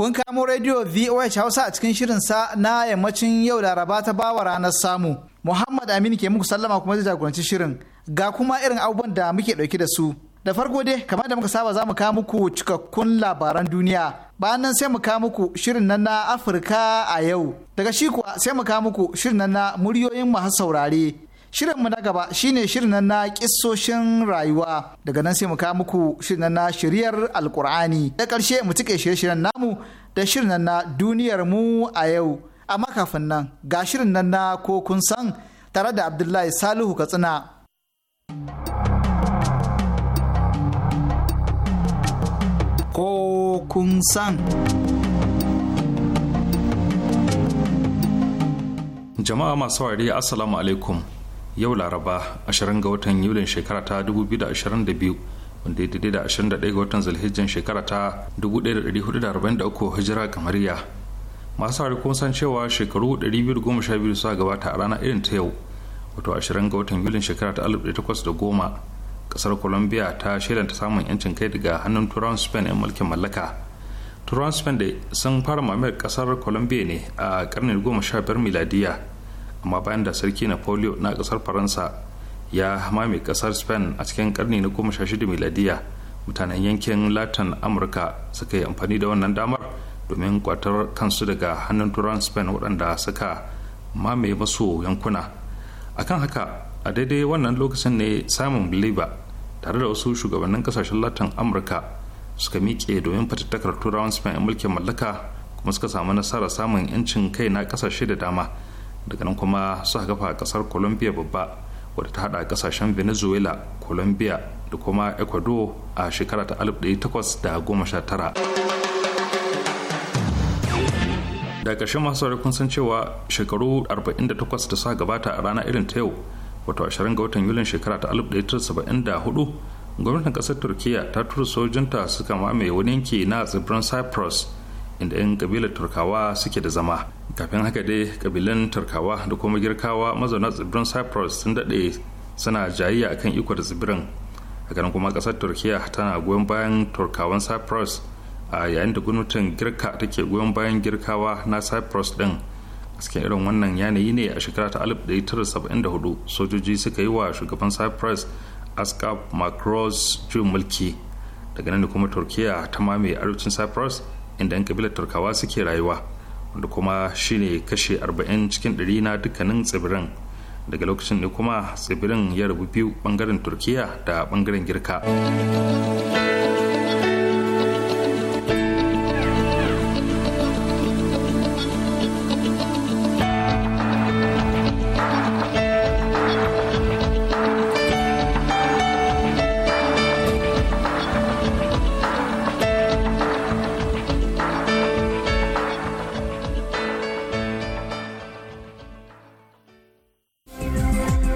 kun kamo rediyo VOH Hausa a cikin shirin sa na yammacin yau da raba ta bawa ranar samu. Muhammad Aminu ke muku sallama kuma zai jagoranci shirin. Ga kuma irin abubuwan da muke ɗauki da su. Da farko dai kamar da muka saba za mu kawo muku cikakkun labaran duniya. Bayan nan sai mu kawo muku shirin nan na Afirka a yau. Daga shi kuwa sai mu kawo muku shirin nan na muryoyin masu saurare. shirin mu na gaba shine shirin na kissoshin rayuwa daga nan sai mu kawo muku shirin na shiryar alkur'ani da ƙarshe mu cike shirye namu da shirin na duniyar mu a yau amma kafin nan ga shirin nan na ko kun san tare da Abdullahi Salihu Katsina. Ko kun san. Jama'a masu wari Assalamu alaikum. yau laraba 20 ga watan yulin shekara ta 2022 wanda ya daidai da 21 ga watan zalhijjan shekara ta 1443 hijira kamariya masu hari kuma san cewa shekaru 212 suka gabata a rana irin ta yau wato 20 ga watan yulin shekara ta 1810 kasar colombia ta ta samun yancin kai daga hannun turan spain 'yan mulkin mallaka turan spain da sun fara mamayar kasar colombia ne a karnin 15 miladiyya amma bayan da sarki napoleon na kasar faransa ya mame kasar spain a cikin karni na goma sha shida miladiya mutanen yankin latin amurka suka yi amfani da wannan damar domin kwatar kansu daga hannun turan spain waɗanda suka mame masu yankuna akan haka a daidai wannan lokacin ne simon believer tare da wasu shugabannin kasashen latin amurka suka miƙe domin fatattakar turawan spain mulkin mallaka kuma suka samu nasarar samun 'yancin kai na kasashe da dama daga nan kuma suka kafa kasar colombia babba wadda ta hada kasashen venezuela colombia da kuma ecuador a shekara ta 1819 da ƙarshen masu saurari kun san cewa shekaru 48 da suka gabata a rana irin ta yau wato 20 ga watan yulin shekara ta 1974 gwamnatin kasar turkiya ta tura sojinta suka mamaye wani yanki na tsibirin cyprus inda 'yan kabilar turkawa suke da zama kafin haka dai kabilan turkawa da kuma girkawa mazauna tsibirin cyprus sun daɗe suna jayayya akan iko da tsibirin hakanan kuma ƙasar turkiya tana goyon bayan turkawan cyprus a yayin da gwamnatin girka take goyon bayan girkawa na cyprus ɗin cikin irin wannan yanayi ne a shekara ta 1974 sojoji suka yi wa shugaban cyprus ascap macros juyin mulki daga nan da kuma turkiya ta mamaye arewacin cyprus inda 'yan kabilar turkawa suke rayuwa wanda kuma shine kashe 40 cikin ɗari na dukkanin tsibirin daga lokacin ne kuma tsibirin ya rabu biyu bangaren turkiya da ɓangaren girka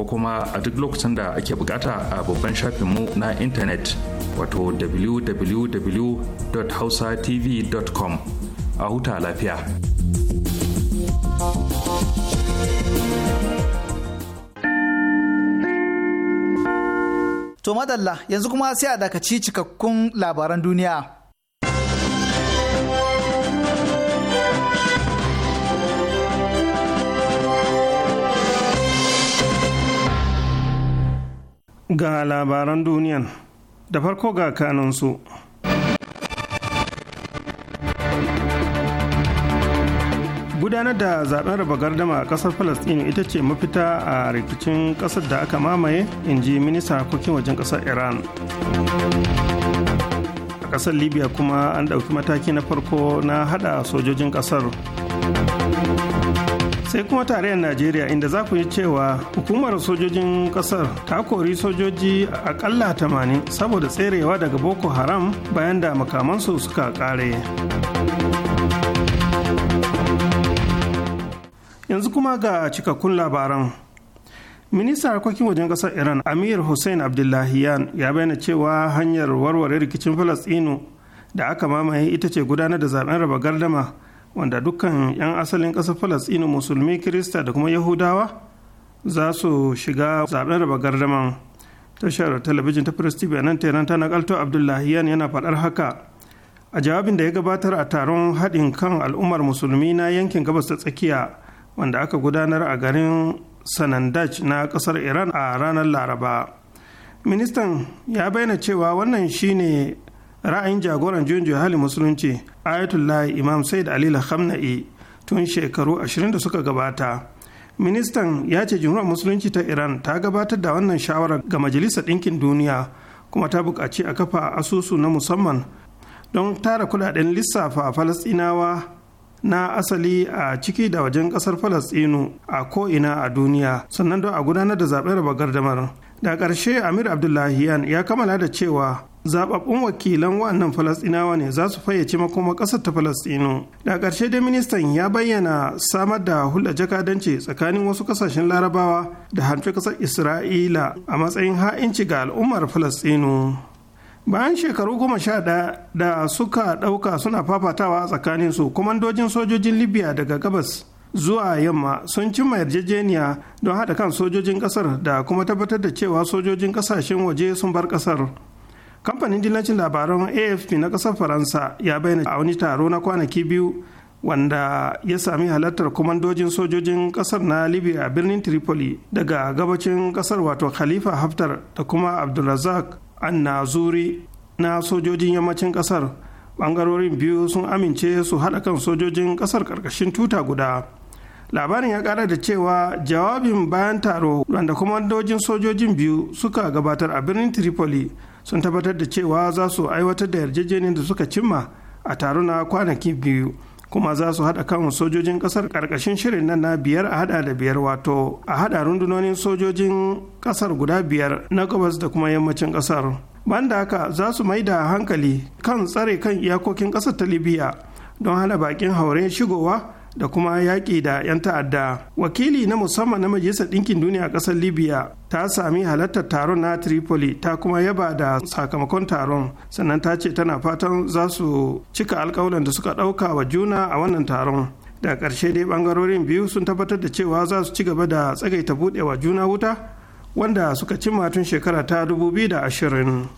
ko kuma a duk lokacin da ake bukata a babban shafinmu na intanet wato www.hausatv.com a huta lafiya. To madalla yanzu kuma sai a dakaci cikakkun labaran duniya. ga labaran duniyan da farko ga kanansu gudanar da zaben raba gardama a kasar palestine ita ce mafita a rikicin kasar da aka mamaye in ji minista harkokin wajen kasar iran a kasar libya kuma an ɗauki mataki na farko na hada sojojin kasar sai kuma tarayyar najeriya inda za ku yi cewa hukumar sojojin kasar ta kori sojoji akalla 80 saboda tserewa daga boko haram bayan da makamansu suka kare yanzu kuma ga cikakkun labaran ministan harkokin wajen kasar iran amir hussein abdullahiyan ya bayyana cewa hanyar warware rikicin falastinu da aka mamaye ita ce gudanar da zaben raba gardama wanda dukkan 'yan asalin ƙasar falasɗinu musulmi kirista da kuma yahudawa za su shiga zaɓen raba gardaman tashar talabijin ta firist tv nan tenan ta nakalto abdullahiyan yana faɗar haka a jawabin da ya gabatar a taron haɗin kan al'ummar musulmi na yankin gabas ta tsakiya wanda aka gudanar a garin sanandaj na ƙasar iran a ranar laraba ministan ya bayyana cewa wannan shine ra'ayin jagoran junjo hali musulunci ayatollah imam said ali khamna'i tun shekaru 20 da suka gabata ministan ya ce jumhuriyar musulunci ta iran ta gabatar da wannan shawarar ga majalisar ɗinkin duniya kuma ta buƙaci a kafa asusu na musamman don tara kudaden lissafa falasɗinawa na asali a ciki da wajen ƙasar falasɗinu a ko'ina a duniya sannan don a gudanar da zaɓen raba gardamar da ƙarshe amir abdullahiyan ya kammala da cewa zababbun wakilan wannan falastinawa ne za su fayyace makoma ƙasar ta falasɗinu da ƙarshe dai ministan ya bayyana samar da hulɗa jakadanci tsakanin wasu ƙasashen larabawa da hanfi ƙasar isra'ila a matsayin ha'inci ga al'ummar falasɗinu bayan shekaru goma sha ɗaya da suka ɗauka suna fafatawa tsakanin su kwamandojin sojojin libya daga gabas zuwa yamma sun cimma yarjejeniya don haɗa kan sojojin ƙasar da kuma tabbatar da cewa sojojin ƙasashen waje sun bar ƙasar kamfanin dillacin labaran afp na ƙasar faransa ya bayyana a wani taro na kwanaki biyu wanda ya sami halartar kwamandojin sojojin ƙasar na libya birnin tripoli daga gabacin ƙasar wato khalifa haftar da kuma abdulrazak annazuri na sojojin yammacin ƙasar bangarorin biyu sun amince su haɗa kan sojojin ƙasar ƙarƙashin tuta guda labarin ya kara da cewa jawabin bayan taro wanda kwamandojin sojojin biyu suka gabatar a birnin tripoli sun tabbatar da cewa za su aiwatar da yarjejeniyar da suka cimma a taro na kwanaki biyu kuma za su haɗa kan sojojin ƙasar ƙarƙashin shirin nan na biyar a haɗa da biyar wato a haɗa rundunonin sojojin ƙasar guda biyar na gabas da kuma yammacin ƙasar banda haka za su mai da hankali kan tsare kan iyakokin ƙasar ta libya don hana baƙin haure shigowa da kuma yaƙi da 'yan ta'adda wakili na musamman na majalisar ɗinkin duniya a ƙasar libya ta sami halartar taron na tripoli ta kuma yaba da sakamakon taron sannan ta ce tana fatan za su cika alkawalan da suka ɗauka wa juna a wannan taron da ƙarshe dai ɓangarorin biyu sun tabbatar da cewa za su ci gaba da tsagaita buɗewa juna wuta wanda suka cimma tun shekara ta 2020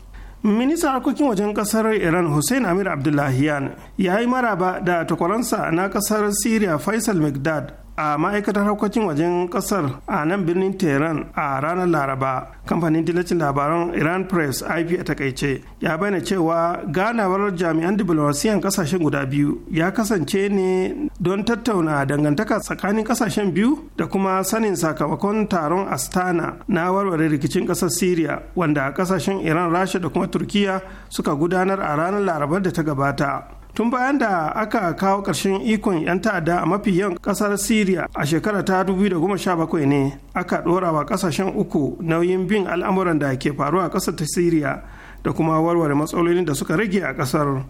ministan harkokin wajen kasar iran hussein amir abdullahiyan ya yi maraba da takwaransa na kasar syria faisal mcdad a ma'aikatar harkokin wajen kasar a nan birnin tehran a ranar laraba kamfanin dillacin labaran iran press ip a takaice ya bayyana cewa ganawar jami'an diplomasiyan kasashen guda biyu ya kasance ne don tattauna dangantaka tsakanin kasashen biyu da kuma sanin sakamakon taron astana na warware rikicin kasar syria wanda kasashen iran rasha da kuma turkiya suka gudanar a ranar larabar da ta gabata tun bayan da aka kawo ƙarshen ikon 'yan ta'adda a mafi yan ƙasar syria a shekara ta 2017 ne aka ɗora wa ƙasashen uku nauyin bin al'amuran da ke faruwa a ƙasar ta syria da kuma warware matsalolin da suka rage a ƙasar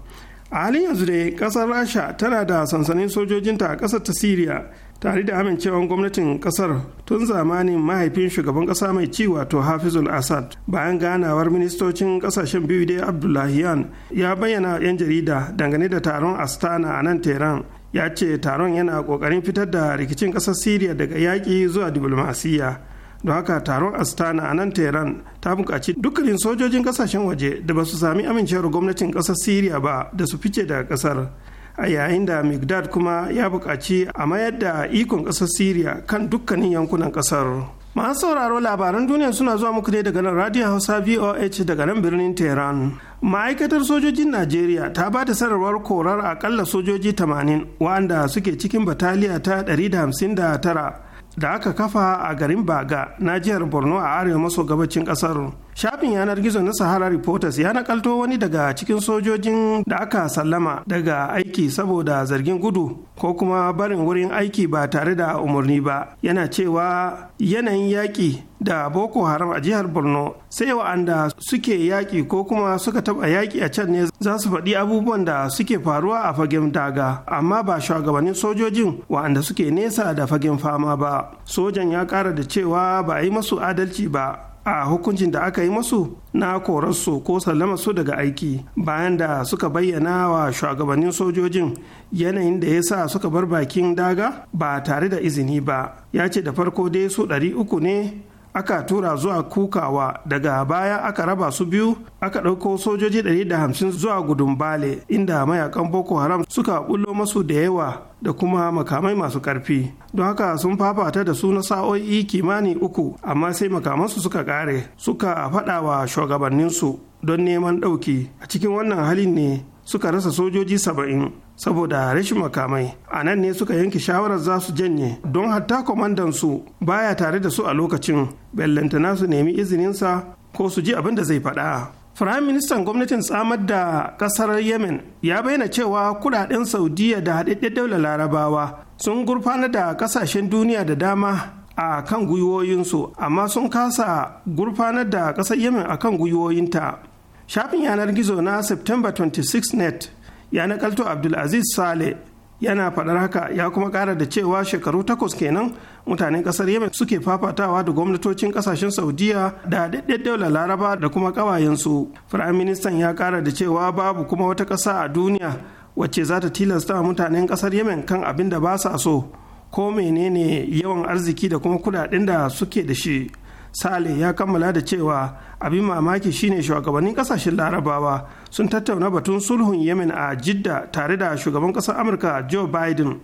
a halin yanzu dai kasar rasha tana da sansanin sojojinta a kasar ta siriya tare da amincewan gwamnatin kasar tun zamanin mahaifin shugaban kasa mai ci wato hafizul assad bayan ganawar ministocin kasashen biyu dai abdullahiyan ya bayyana 'yan jarida dangane da taron astana a nan tehran ya ce taron yana kokarin fitar da rikicin kasar siriya daga yaƙi zuwa diplomasiyya don haka taron astana a nan tehran ta bukaci dukkanin sojojin kasashen waje da ba su sami amincewar gwamnatin ƙasar syria ba da su fice daga ƙasar a yayin da migdad kuma ya bukaci a mayar da ikon ƙasar syria kan dukkanin yankunan ƙasar masu sauraro labaran duniya suna zuwa muku ne daga nan radio hausa voh daga nan birnin tehran ma'aikatar sojojin najeriya ta ba da sanarwar korar akalla sojoji 80 wa'anda suke cikin bataliya ta 159 da aka kafa a garin baga na jihar borno a arewa maso gabacin kasar Shafin yanar gizo na Sahara Reporters ya nakalto wani daga cikin sojojin da aka sallama daga aiki saboda zargin gudu ko kuma barin wurin aiki ba tare da umarni ba. Yana cewa yanayin yaƙi da Boko Haram a jihar Borno sai wa'anda suke yaƙi ko kuma suka taɓa yaƙi a can ne za su faɗi abubuwan da suke faruwa a fagen daga amma ba shugabannin sojojin wa'anda suke nesa da fagen fama ba. Sojan ya ƙara da cewa ba a yi masu adalci ba a hukuncin da aka yi masu na korarsu ko sallama su daga aiki bayan da suka bayyana wa shugabannin sojojin yanayin da ya sa suka bar bakin daga ba tare da izini ba ya ce da farko dai su ɗari uku ne aka tura zuwa kukawa daga baya aka raba su biyu aka ɗauko sojoji 150 zuwa gudun bale inda mayakan boko haram suka bullo masu da yawa da kuma makamai masu ƙarfi don haka sun fafata da su na sa'o'i kimani uku amma sai makamansu suka ƙare suka faɗa wa shugabanninsu don neman ɗauki a cikin wannan halin ne suka rasa sojoji saba'in saboda rashin makamai a nan ne suka yanke shawarar za su janye don hatta kwamandan su baya tare da su a lokacin bellantana su nemi izininsa ko su ji abin da zai faɗa Firayim Ministan gwamnatin tsamar da kasar Yemen ya bayyana cewa kudaden Saudiya da haɗaɗɗen daular larabawa sun gurfana da ƙasashen duniya da dama a kan gwiwoyinsu amma sun kasa gurfanar da ƙasar yemen a kan gwiwoyinta shafin yanar gizo na september 26 net ya nakalto abdulaziz sale yana faɗar haka ya kuma ƙara da cewa shekaru takwas kenan mutanen ƙasar yemen suke fafatawa da gwamnatocin ƙasashen saudiya da daɗaɗɗen daular laraba da kuma ƙawayensu firayim ministan ya ƙara da cewa babu kuma wata ƙasa a duniya wacce za ta tilasta mutanen ƙasar yemen kan abin da ba sa so ko menene yawan arziki da kuma kuɗaɗen da suke da shi sale ya kammala da cewa abin mamaki shine shugabannin kasashen larabawa sun tattauna batun sulhun yemen a jidda tare da shugaban kasar amurka joe biden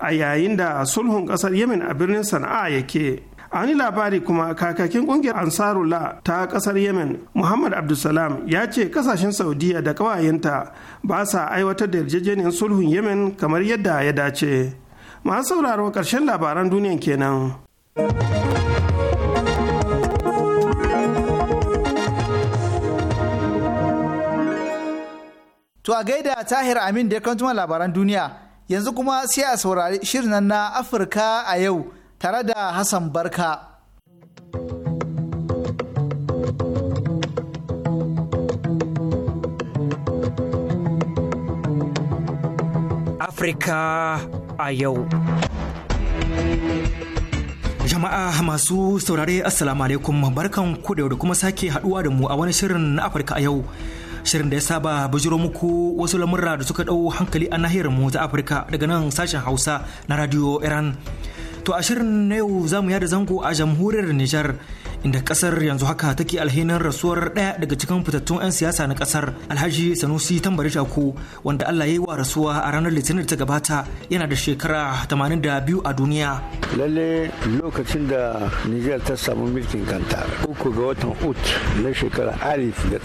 a yayin da sulhun kasar yemen a birnin sana'a yake a wani labari kuma kakakin kungiyar ansarula ta kasar yemen muhammad abdulsalam ya ce kasashen saudiya da kawayenta ba sa aiwatar da yarjejeniyar sulhun yemen kamar yadda ya dace masu sauraro karshen labaran duniya kenan. To a gaida Tahir Amin da ya tuma labaran duniya yanzu kuma sai a saurari shirin na Afirka a yau tare da Hassan Barka. Afirka a yau. Jama'a masu saurare Assalamu alaikum barkan ku da kuma sake haduwa da mu a wani shirin na Afirka a yau. shirin da ya saba bujiro muku wasu lamurra da suka ɗau hankali a nahiyar mu ta Afirka daga nan sashen Hausa na Radio Iran. To a shirin na yau za mu yada zango a jamhuriyar Nijar inda kasar yanzu haka take alhinin rasuwar ɗaya daga cikin fitattun 'yan siyasa na kasar alhaji sanusi tambari shaku wanda allah ya yi wa rasuwa a ranar litinin ta gabata yana da shekara 82 a duniya lalle lokacin da niger ta samu mulkin kanta uku ga watan ut na shekara alif da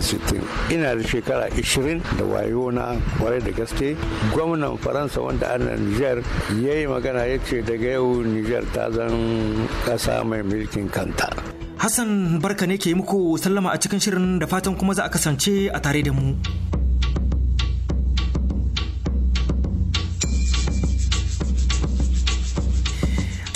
sittin ina da shekara 20 da wayo na kwarai da gaske gwamnan faransa wanda ana niger ya yi magana ya ce daga yau niger ta zan kasa mai mulkin kanta Hassan barka ne ke yi muku sallama a cikin shirin da fatan kuma za a kasance a tare da mu.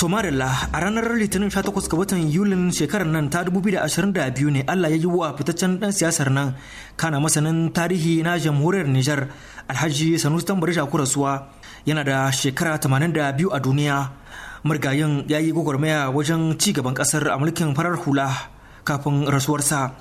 tomarilla a ranar Litinin 18 ga watan Yulin shekarar nan ta 2022 ne Allah ya yi wa fitaccen dan siyasar nan kana masanin tarihi na jamhuriyar Nijar Alhaji Sanusi Tambari Shakurasuwa yana da shekara 82 a duniya. murgayin ya yi gwagwarmaya wajen ci gaban kasar a mulkin farar hula kafin rasuwarsa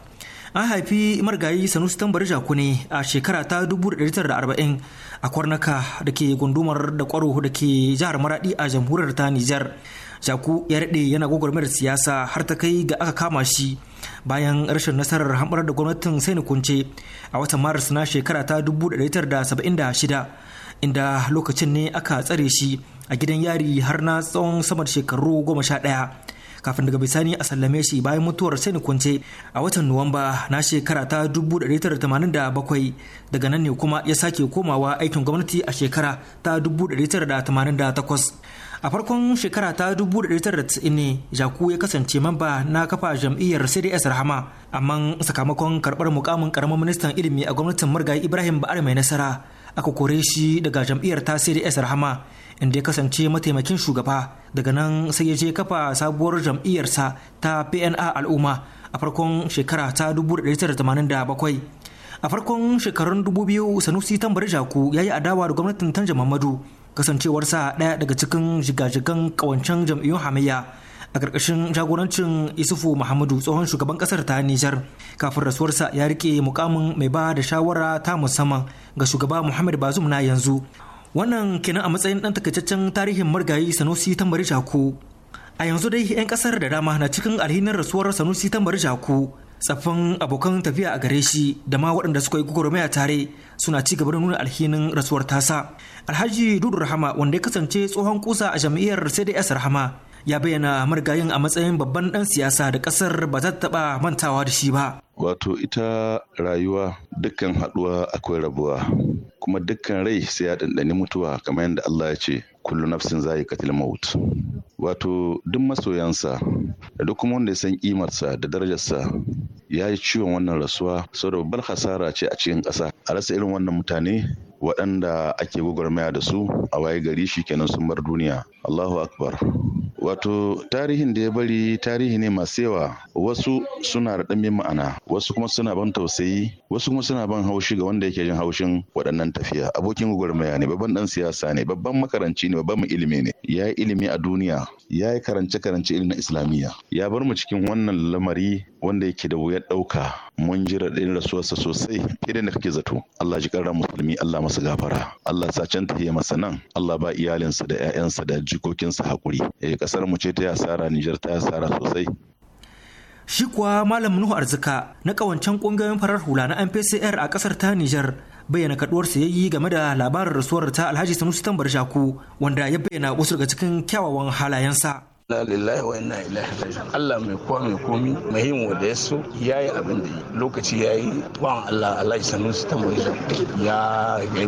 an haifi margayi sanusi tambari jaku ne a shekara ta 1940 a kwarnaka da ke gundumar da kwaro da ke jihar maradi a jamhuriyar ta nijar jaku ya daɗe yana gwagwarmayar siyasa har ta kai ga aka kama shi bayan rashin nasarar hamɓar da gwamnatin sai kunce a watan maris na shekara ta inda lokacin ne aka tsare shi a gidan yari har na tsawon sama shekaru goma sha ɗaya kafin daga bisani a sallame shi bayan mutuwar sani kwance a watan nuwamba na shekara ta 1987 daga nan ne kuma ya sake komawa aikin gwamnati a shekara ta 1988 a farkon shekara ta 1990 ne jaku ya kasance mamba na kafa jam'iyyar cds rahama amma sakamakon karbar mukamin karamin ministan ilimi a gwamnatin margayi ibrahim ba'ar mai nasara aka kore shi daga jam'iyyar tasiri s rahama inda ya kasance mataimakin shugaba daga nan sai ya je kafa sabuwar jam'iyyarsa ta pna al'umma a farkon shekara ta 1987 a farkon shekarun 2000 sanusi tambari jaku ya yi adawa da gwamnatin tanja mamadu kasancewarsa ɗaya daga cikin jigajigan ƙawancen jam'iyyun hamayya a ƙarƙashin jagorancin isufu muhammadu tsohon shugaban ƙasar ta nijar kafin rasuwarsa ya rike mukamin mai ba da shawara ta musamman ga shugaba muhammad bazum na yanzu wannan kenan a matsayin ɗan takaitaccen tarihin marigayi sanusi tambari jaku a yanzu dai 'yan ƙasar da dama na cikin alhinin rasuwar sanusi tambari jaku tsaffin abokan tafiya a gare shi da ma waɗanda suka yi gwagwarmaya tare suna ci gaba da nuna alhinin rasuwar tasa alhaji dudu rahama wanda ya kasance tsohon kusa a jam'iyyar cds rahama ya bayyana marigayin a matsayin babban ɗan siyasa da ƙasar ba ta taɓa mantawa da shi ba. Wato ita rayuwa dukkan haɗuwa akwai rabuwa kuma dukkan rai sai ya ɗanɗani mutuwa kamar yadda Allah ya ce kullu nafsin zai katil maut. Wato duk masoyansa da duk kuma wanda ya san kimarsa da darajarsa ya yi ciwon wannan rasuwa sau babbar hasara ce a cikin ƙasa a rasa irin wannan mutane waɗanda ake gwagwarmaya da su a waye gari shi kenan sun bar duniya Allahu akbar wato tarihin da ya bari tarihi ne masu yawa wasu suna da ɗanbin ma'ana wasu kuma suna ban tausayi wasu kuma suna ban haushi ga wanda yake jin haushin waɗannan tafiya abokin gwagwarmaya ne babban ɗan siyasa ne babban makaranci ne babban ilimi ne ya yi ilimi a duniya ya yi karance karance ilimin islamiyya ya bar mu cikin wannan lamari wanda yake da wuyar ɗauka mun ji raɗin rasuwarsa sosai fiye da kake zato Allah ji ƙara musulmi Allah masa gafara Allah sa can tafiya masa nan Allah ba iyalinsa da 'ya'yansa da jikokinsa haƙuri eh ƙasar kasar mu ce ta yi asara Nijar ta yi sosai. Shi kuwa Malam Nuhu Arzika na kawancen kungiyoyin farar hula na MPCR a ƙasar ta Nijar bayyana kaduwar sayayyi game da labarin rasuwar ta Alhaji Sanusi Tambar Shaku wanda ya bayyana wasu daga cikin kyawawan halayensa. na lillahi wa inna ilaihi raji'un Allah mai kowa mai komi muhimmi da ya so yayi abin da yi lokaci yayi ba Allah Allah sanu su tambayi ya yi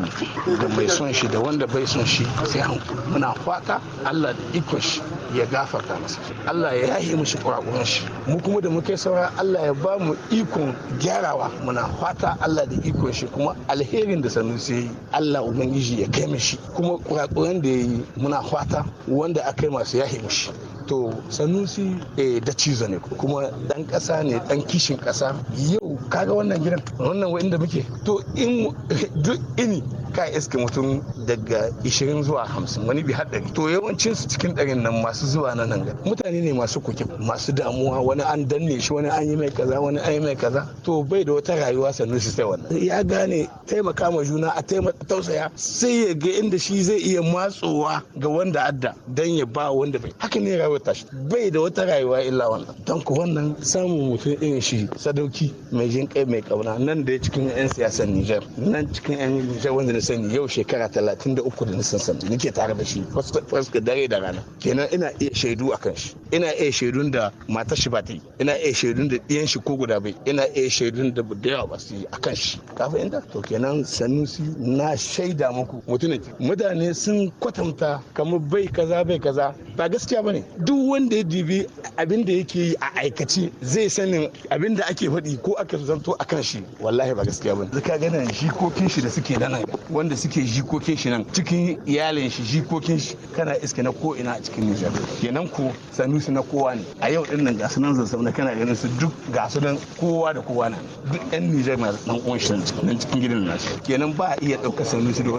da mai son shi da wanda bai son shi sai han muna fata Allah da ikon shi ya gafarta masa Allah ya yi mishi kurakuran shi mu kuma da muke saura Allah ya ba mu ikon gyarawa muna fata Allah da ikon shi kuma alherin da sanu sai Allah ubangiji ya kai mishi kuma kurakuran da ya yi muna fata wanda aka yi masu yahi mishi to sanusi eh, da cizo ne kuma dan kasa ne dan kishin kasa yau kaga wannan gidan wannan inda muke to in duk ini ka iske mutum daga 20 zuwa 50 wani bi haɗari to yawancin su cikin ɗarin nan masu zuwa na nan mutane ne masu kuke masu damuwa wani an danne shi wani an yi mai kaza wani an yi mai kaza to bai da wata rayuwa sanusi sai wannan ya gane taimaka ma juna a taimaka tausaya sai ya ga inda shi zai iya matsowa ga wanda adda dan ya ba wanda bai haka ne rayuwar tashi bai da wata rayuwa illa wannan don ku wannan samun mutum irin shi sadauki mai jin kai mai kauna nan da cikin yan siyasar Niger nan cikin yan Niger wanda na sani yau shekara 33 da na san sani nake tare da shi fuska dare da rana kenan ina iya shaidu akan shi ina iya shaidun da matar shi ba ta yi ina iya shaidun da ɗiyan shi ko guda bai ina iya shaidun da budaya ba su yi akan shi kafin inda to kenan sanusi na shaida muku mutum mutane sun kwatanta kamar bai kaza bai kaza ba gaskiya bane duk wanda ya dubi abin da yake yi a aikace zai sanin abin da ake faɗi ko aka zanto a kan shi wallahi ba gaskiya ba zaka gana jikokin shi da suke nan wanda suke jikokin shi nan cikin iyalin shi jikokin shi kana iske na ko ina a cikin Nijar kenan ko sanusi na kowa ne a yau din nan ga sunan zazzabin da kana ganin su duk ga sunan kowa da kowa na duk ɗan Nijar na dan uwan shi nan cikin gidan nasu kenan ba a iya ɗaukar sanusi da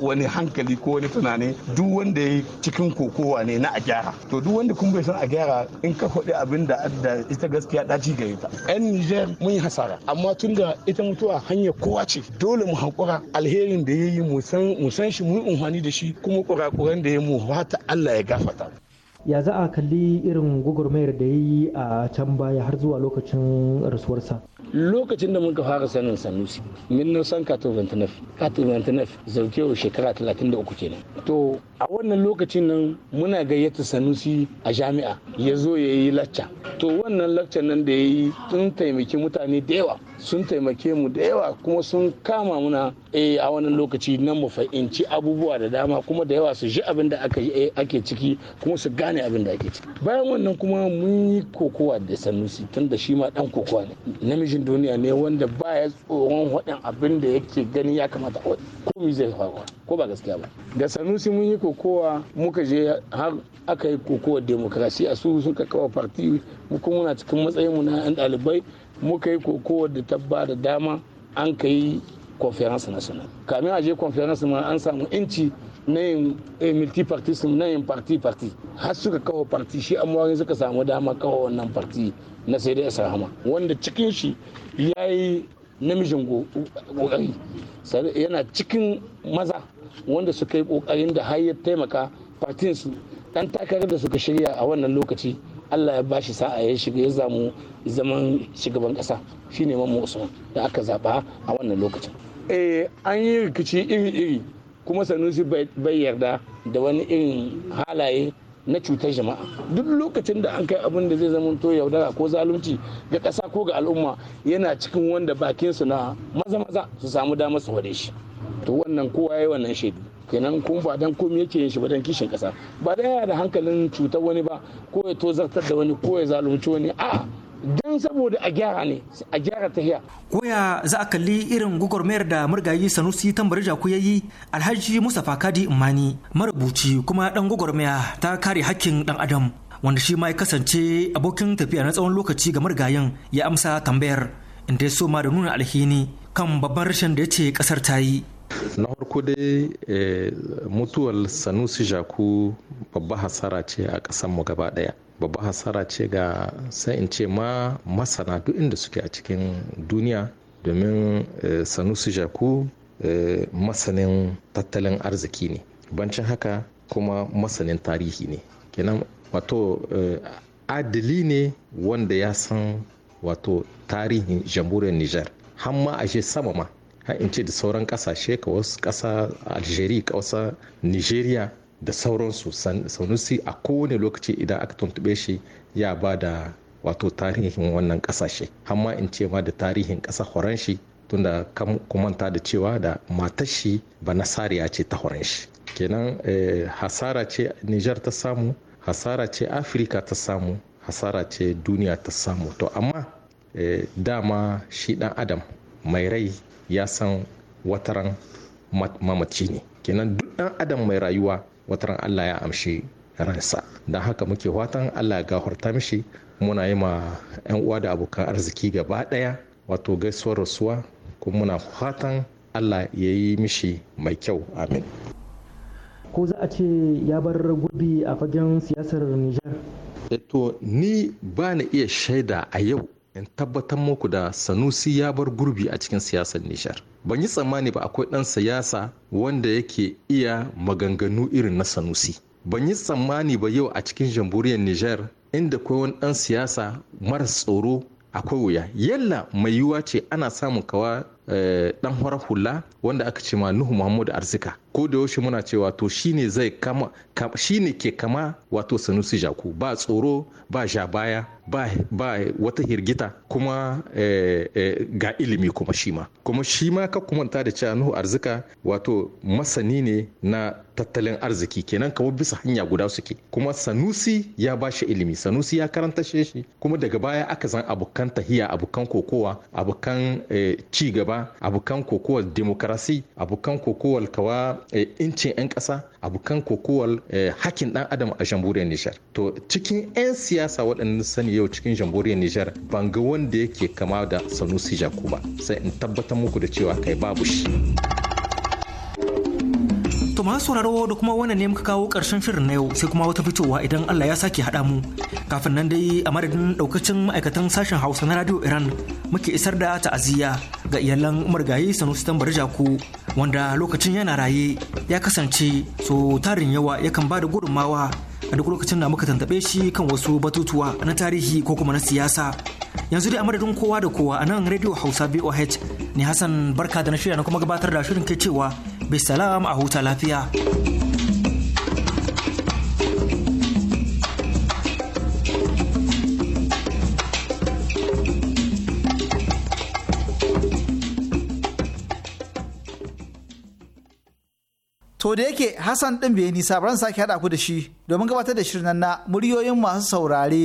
wani hankali ko wani tunani duk wanda ya yi cikin kokowa ne na a gyara to duk wanda kun bai san a gyara in ka faɗi abin da ita gaskiya ɗaci gare ta yan niger mun yi hasara amma tun da ita mutuwa hanyar kowa ce dole mu haƙura alherin da ya yi mu shi mu yi unhwani da shi kuma kurakuran da ya mu fata allah ya gafata ya za a kalli irin gugurmayar da ya yi a can baya har zuwa lokacin rasuwarsa lokacin da muka fara sanin sanusi min na san kato kato zaukewa shekara 33 kenan to a wannan lokacin nan muna gayyata sanusi a jami'a ya zo ya yi lacca to wannan lacca nan da ya yi tun taimaki mutane da yawa sun taimake mu da yawa kuma sun kama muna eh a wannan lokaci nan mu fahimci abubuwa da dama kuma da yawa su ji abin da aka eh, ake ciki kuma su gane abin da ake ciki bayan wannan kuma mun yi kokowa da sanusi tun da shi ma dan kokowa ne namijin duniya ne wanda baya tsoron wadan abin da yake gani ya kamata ko mi zai faru ko ba gaskiya ba da sanusi mun yi kokowa muka je har aka yi kokowa demokarasi a su suka kawo parti mu kuma muna cikin matsayin mu na ɗalibai muka yi kokowa da ta da dama an ka yi conference national kamin a je conference ma an samu inci na yin multi eh, multipartism na yin parti parti har suka kawo parti shi wani suka samu dama kawo wannan parti na sai dai hama wanda cikin shi ya yi namijin kokari yana cikin maza wanda suka yi kokarin da har ya taimaka partinsu su dan takarar da suka shirya a wannan lokaci Allah ya bashi sa'a ya shiga ya zamu zaman shugaban kasa shine mamu Usman da aka zaba a wannan lokacin eh an yi rikici iri-iri kuma Sanusi bai yarda da wani irin halaye na cutar jama'a duk lokacin da an kai abin da zai zama to yaudara ko zalunci ga ƙasa ko ga al'umma yana cikin wanda bakinsu na maza-maza su samu damar su ware shi to wannan kowa ya yi wannan shaidu kenan kun ba dan komai yake yin shi ba dan kishin kasa ba dan yana da hankalin cutar wani ba ko ya tozartar da wani ko ya zalunci wani a don saboda a gyara ne a gyara hiya Koya za a kalli irin gwagwarmayar da murgayi Sanusi tambari jaku ya yi Alhaji Mustapha Kadi Imani marubuci kuma dan gwagwarmaya ta kare hakkin dan adam wanda shi ma ya kasance abokin tafiya na tsawon lokaci ga murgayen ya amsa tambayar inda ya soma da nuna alhini kan babban rashin da ya ce kasar ta yi. na farko dai eh, mutuwar sanusi jaku babba hasara ce a ƙasanmu gaba ɗaya babba hasara ce ga sai in ce ma masana duk inda suke a cikin duniya domin eh, sanusi jaku eh, masanin tattalin arziki ne bancin haka kuma masanin tarihi ne kenan wato adili ne wanda ya san wato tarihin jamhuriyar nijar har ma ashe sama ma har in ce da sauran kasashe ka wasu kasa algeria wasu nigeria da sauransu si a kowane lokaci idan aka tuntube shi ya ba da wato tarihin wannan kasashe amma in ce ma da tarihin kasa horanshi tunda kumanta da cewa da matashi ba nasariya ce ta horanshi kenan eh, hasara ce niger ta samu hasara ce afirka ta samu hasara ce duniya ta samu to amma eh, dama shi dan adam mai rai ya san wataran mamaci ne kenan duk ɗan adam mai rayuwa wataran allah ya amshi ransa don haka muke watan allah ya gafarta mishi muna yi ma 'yan uwa da abokan arziki gaba ɗaya wato gaisuwar rasuwa kuma muna fatan allah ya yi mishi mai kyau amin ko za a ce ya bar gurbi a fagen siyasar niger. Eh to ni ba na iya shaida a yau in tabbatar muku da sanusi ya bar gurbi a cikin siyasar nishar ban yi tsammani ba akwai ɗan siyasa wanda yake iya maganganu irin na sanusi ban yi tsammani ba yau a cikin jamhuriyar nijar inda akwai wani ɗan siyasa mara tsoro akwai wuya yalla mai yiwuwa ce ana samun kawa Eh, dan horar hula wanda aka ce ma Nuhu Muhammadu Arzika ko da yaushe muna cewa to shine zai kama shine ke kama wato Sanusi Jaku ba tsoro ba ja baya ba, wata hirgita kuma eh, eh, ga ilimi kuma shi ma kuma shi ma ka kumanta da cewa Nuhu Arzika wato masani ne na tattalin arziki kenan kamar bisa hanya guda suke kuma Sanusi ya ba shi ilimi Sanusi ya karanta shi kuma daga baya aka zan abokan tahiya abokan kokowa abokan ci gaba abu kan kokowar demokarasi kan kokowar kawa eh, incin 'yan kasa ƙasa kan kokowar eh, hakin dan adam a jamhuriyar nijar to cikin 'yan siyasa waɗannan sani yau cikin jamhuriyar nijar ban ga wanda yake kama da sanusi jakuba sai in tabbatar muku da cewa kai babu shi. To masu sauraro da kuma wannan ne muka kawo ƙarshen shirin na yau sai kuma wata fitowa idan Allah ya sake haɗa mu. Kafin nan dai a madadin ɗaukacin ma'aikatan sashen Hausa na Radio Iran muke isar da ta'aziyya ga iyalan marigayi Sanusi Tambar ko wanda lokacin yana raye ya kasance so tarin yawa yakan ba da gudunmawa a duk lokacin da muka tantaɓe shi kan wasu batutuwa na tarihi ko kuma na siyasa. yanzu dai a madadin kowa da kowa a nan radio hausa boh ne hassan barka da na shirya na kuma gabatar da shirin ke cewa bisalam a huta lafiya. To da yake Hassan ɗin bai nisa ran sake haɗa ku da shi domin gabatar da shirin na muryoyin masu saurare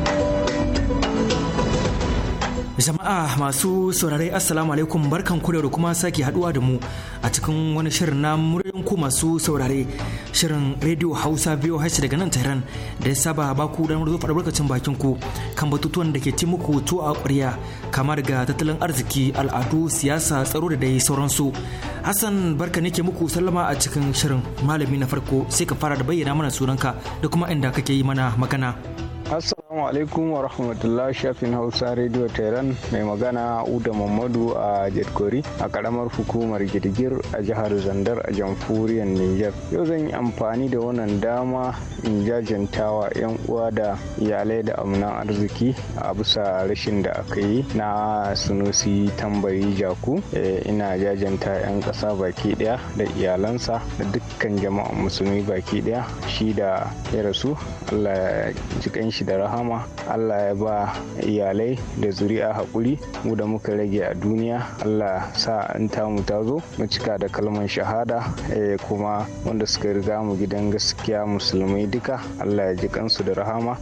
Jama'a masu saurare Assalamu alaikum barkan ku da kuma sake haduwa da mu a cikin wani shirin na muryan ku masu saurare shirin Radio Hausa biyo hashi daga nan Tehran da ya saba baku ku damar faɗa barkacin bakin ku kan batutuwan da ke taimako muku to a ƙwarya kamar ga tattalin arziki al'adu siyasa tsaro da dai sauransu. Hassan barka ne ke muku sallama a cikin shirin malami na farko sai ka fara da bayyana mana sunanka da kuma inda kake yi mana magana. Assalamu alaikum wa rahmatullah shafin Hausa Radio Tehran mai magana Uda Mamadu a Jedkori a karamar hukumar Gidigir a jihar Zandar a jamhuriyar Niger. Yau zan yi amfani da wannan dama in jajantawa 'yan uwa da iyalai da amna arziki a bisa rashin da aka yi na sunusi tambayi jaku eh, ina jajanta 'yan kasa baki daya da iyalansa da dukkan jama'an musulmi baki daya shi da ya rasu Allah ya ji shi da raha rahama allah ya ba iyalai da zuri'a haƙuri mu da muka rage a duniya allah sa an tamu ta zo mu cika da kalman shahada eh, kuma wanda suka riga mu gidan gaskiya musulmai duka allah ya ji kansu da rahama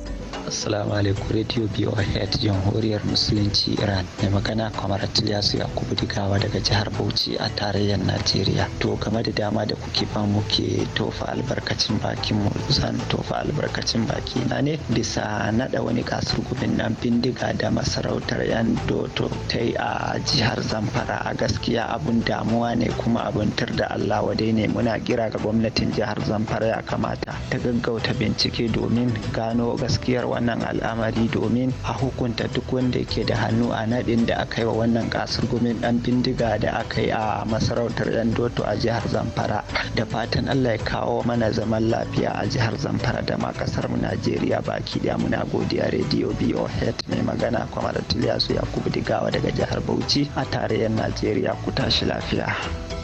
Assalamu alaikum Radio BOHET Jamhuriyar Musulunci Iran mai magana kamar Atiliyasu Yakubu Digawa daga jihar Bauchi a tarayyar Najeriya. To game da dama da kuke ba muke tofa albarkacin bakin mu zan tofa albarkacin baki na ne bisa nada wani kasar gubin nan bindiga da masarautar yan doto ta yi a jihar Zamfara a gaskiya abun damuwa ne kuma abun tar da Allah wadai ne muna kira ga gwamnatin jihar Zamfara ya kamata ta gaggauta bincike domin gano gaskiyar wannan al'amari domin a hukunta duk wanda ke da hannu a naɗin da aka yi wa wannan kasar gumin ɗan bindiga da aka yi a masarautar dandoto doto a jihar zamfara da fatan allah ya kawo mana zaman lafiya a jihar zamfara da ma kasar mu najeriya baki daya muna godiya rediyo boh mai magana kwamar tiliyasu yakubu digawa daga jihar bauchi a tarayyar najeriya ku tashi lafiya.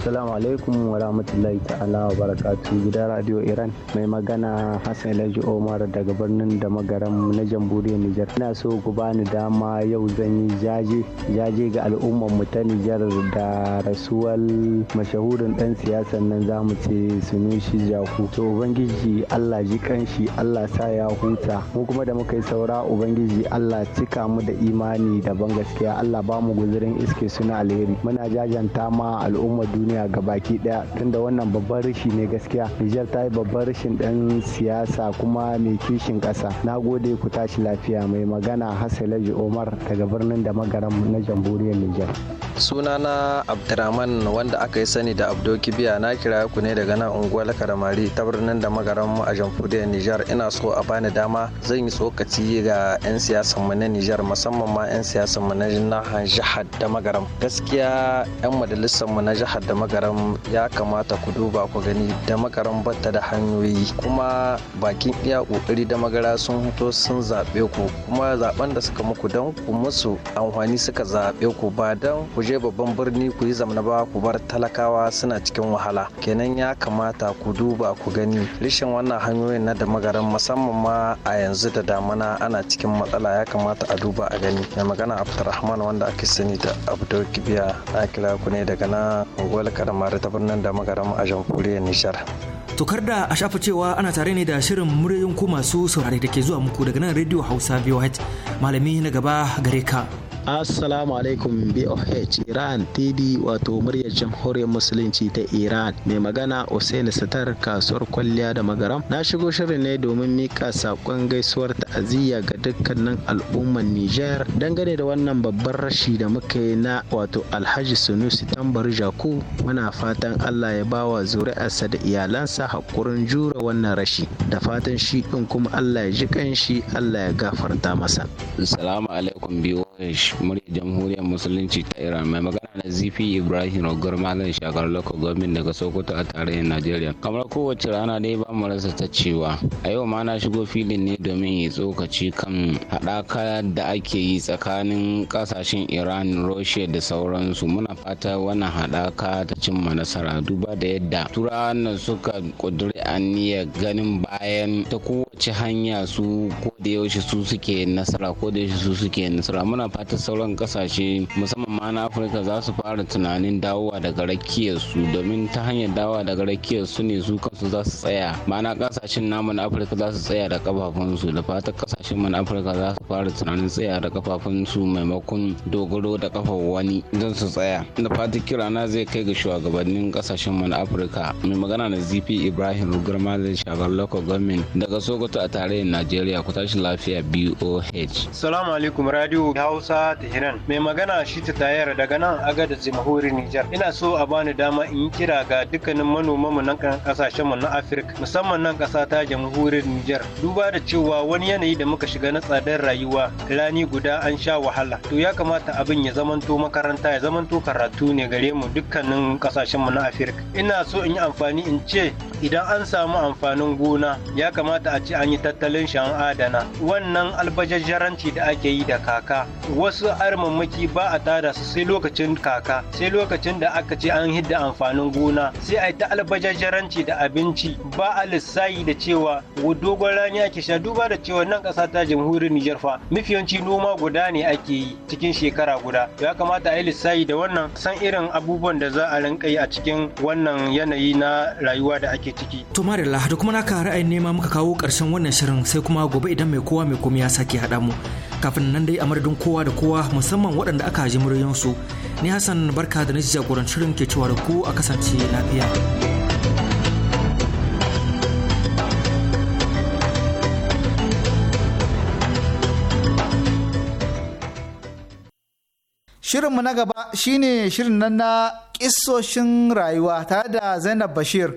Assalamu alaikum wa rahmatullahi ta'ala wa barakatu gida Radio Iran mai magana Hassan Laji Omar daga birnin da magaram na jamhuriyar Nijar. Ina so ku bani dama yau zan yi jaje jaje ga al'ummar mu ta Nijar da rasuwar mashahurin dan siyasa nan zamu ce Sunushi Jaku. To ubangiji Allah ji kanshi Allah sa ya huta. Mu kuma da muka yi saura ubangiji Allah cika mu da imani da ban gaskiya Allah ba mu guzurin iske suna alheri. Muna jajanta ma al'ummar duniya duniya gabaki daya tunda wannan babban rashi ne gaskiya Nijar ta yi babban rashin dan siyasa kuma mai kishin kasa na gode ku tashi lafiya mai magana Hasselaji Omar daga birnin da magaram na jamhuriyar Nijar sunana Abdurrahman wanda aka yi sani da Abdo Kibiya na kira ku ne daga nan unguwar Karamari ta birnin da magaram a jamhuriyar Nijar ina so a bani dama zan yi tsokaci ga 'yan siyasan mu na Nijar musamman ma 'yan siyasan mu na jihar da magaram gaskiya 'yan majalisar mu na jihar da magaram ya kamata ku duba ku gani da magaran batta da hanyoyi kuma bakin iya kokari da magara sun hito sun zaɓe ku kuma zaben da suka muku don ku musu amfani suka zaɓe ku ba don ku je babban birni ku yi zamna ba ku bar talakawa suna cikin wahala kenan ya kamata ku duba ku gani rishin wannan hanyoyin na da magaran musamman ma a yanzu da damana ana cikin matsala ya kamata a duba a gani mai magana abdulrahman wanda ake sani da abdul kibiya na kira ku ne daga na kadamar ta birnin da magaram a jamhuriyar Nijar. Tokar da a shafa cewa ana tare ne da shirin muryoyin ku masu saurari da ke zuwa muku daga nan Radio Hausa biyu Malami na gaba gare ka. Assalamu alaikum BOH Iran TV wato muryar jamhuriyar musulunci ta Iran mai magana Hussein Sitar kasuwar kwalliya da magaram na shigo shirin ne domin mika sakon gaisuwar ta'aziyya ga dukkanin al'ummar Nijar dangane da wannan babbar rashi da muka yi na wato Alhaji Sunusi Tambar Jaku muna fatan Allah ya bawa zuri'arsa da iyalansa hakurin jure wannan rashi da fatan shi din kuma Allah ya ji kanshi Allah ya gafarta masa. Assalamu alaikum biyo Bangladesh murya jamhuriyar musulunci ta Iran mai magana da Zifi Ibrahim Ogar Malam Shakar Loko Gomin daga Sokoto a tarayyar Najeriya. Kamar kowace rana dai ba mu rasa ta cewa a yau ma na shigo filin ne domin yi tsokaci kan haɗaka da ake yi tsakanin ƙasashen Iran, Russia da sauransu. Muna fata wannan haɗaka ta cimma nasara duba da yadda turawa suka ƙuduri aniyar ganin bayan ta kowace hanya su ko da yaushe su suke nasara ko da yaushe su suke nasara. muna fatan sauran kasashe musamman ma na afirka za su fara tunanin dawowa daga rakiyar su domin ta hanyar dawowa daga rakiyar su ne su kansu za su tsaya ma'ana kasashen namu na afirka za su tsaya da kafafunsu da fatan kasashen mu na afirka za su fara tunanin tsaya da kafafunsu maimakon dogaro da kafa wani don su tsaya da fatan na zai kai ga shugabannin kasashen mu na afirka mai magana da zp ibrahim rugar malin shagar local government daga sokoto a tarayyar najeriya ku tashi lafiya boh salamu alaikum radio Hausa Iran. Mai magana shi ta tayar daga nan agada jamhuriyar Nijar. Ina so a bani dama in kira ga dukkanin manoman mu nan kasashen mu na Afirka musamman nan kasa ta jamhuriyar Nijar. Duba da cewa wani yanayi da muka shiga na tsadar rayuwa rani guda an sha wahala. To ya kamata abin ya zamanto makaranta ya zamanto karatu ne gare mu dukkanin kasashen mu na Afirka. Ina so in yi amfani in ce idan an samu amfanin gona ya kamata a ce an yi tattalin shi adana. Wannan albajajjaranci da ake yi da kaka wasu armammaki ba a tada su sai lokacin kaka sai lokacin da aka ce an hidda amfanin gona sai a yi ta albajajaranci da abinci ba a lissayi da cewa dogon rani ake sha duba da cewa nan ƙasa ta jamhuriyar Nijar fa mafiyanci noma guda ne ake yi cikin shekara guda ya kamata a yi lissayi da wannan san irin abubuwan da za a rinka yi a cikin wannan yanayi na rayuwa da ake ciki. To Marilla da kuma naka ra'ayin nema muka kawo ƙarshen wannan shirin sai kuma gobe idan mai kowa mai komai ya sake haɗa mu kafin nan dai a madadin kowa kowa da kowa musamman waɗanda aka ji muryoyinsu ni hassan barka da na jagoranci ke cewa da ku a kasance lafiya. Shirinmu na gaba shine shirin nan na ƙisoshin rayuwa tare da Zainab Bashir.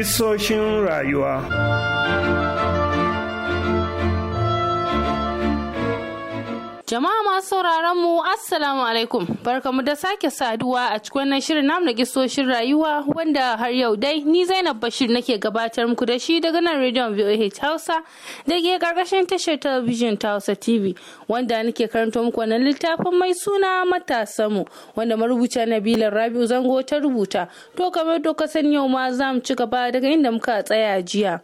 isoshin rayuwa. Jama'a masu sauraron mu Assalamu alaikum barkamu da sake saduwa a cikin wannan shirin namu na gisoshin rayuwa wanda har yau dai ni Zainab Bashir nake gabatar muku da shi daga nan rediyon VOH Hausa da ke karkashin tashar talabijin ta Hausa TV wanda nake karanto muku wannan littafin mai suna matasan mu wanda marubuta Nabila Rabiu Zango ta rubuta to kamar doka sani yau ma za mu ci gaba daga inda muka tsaya jiya.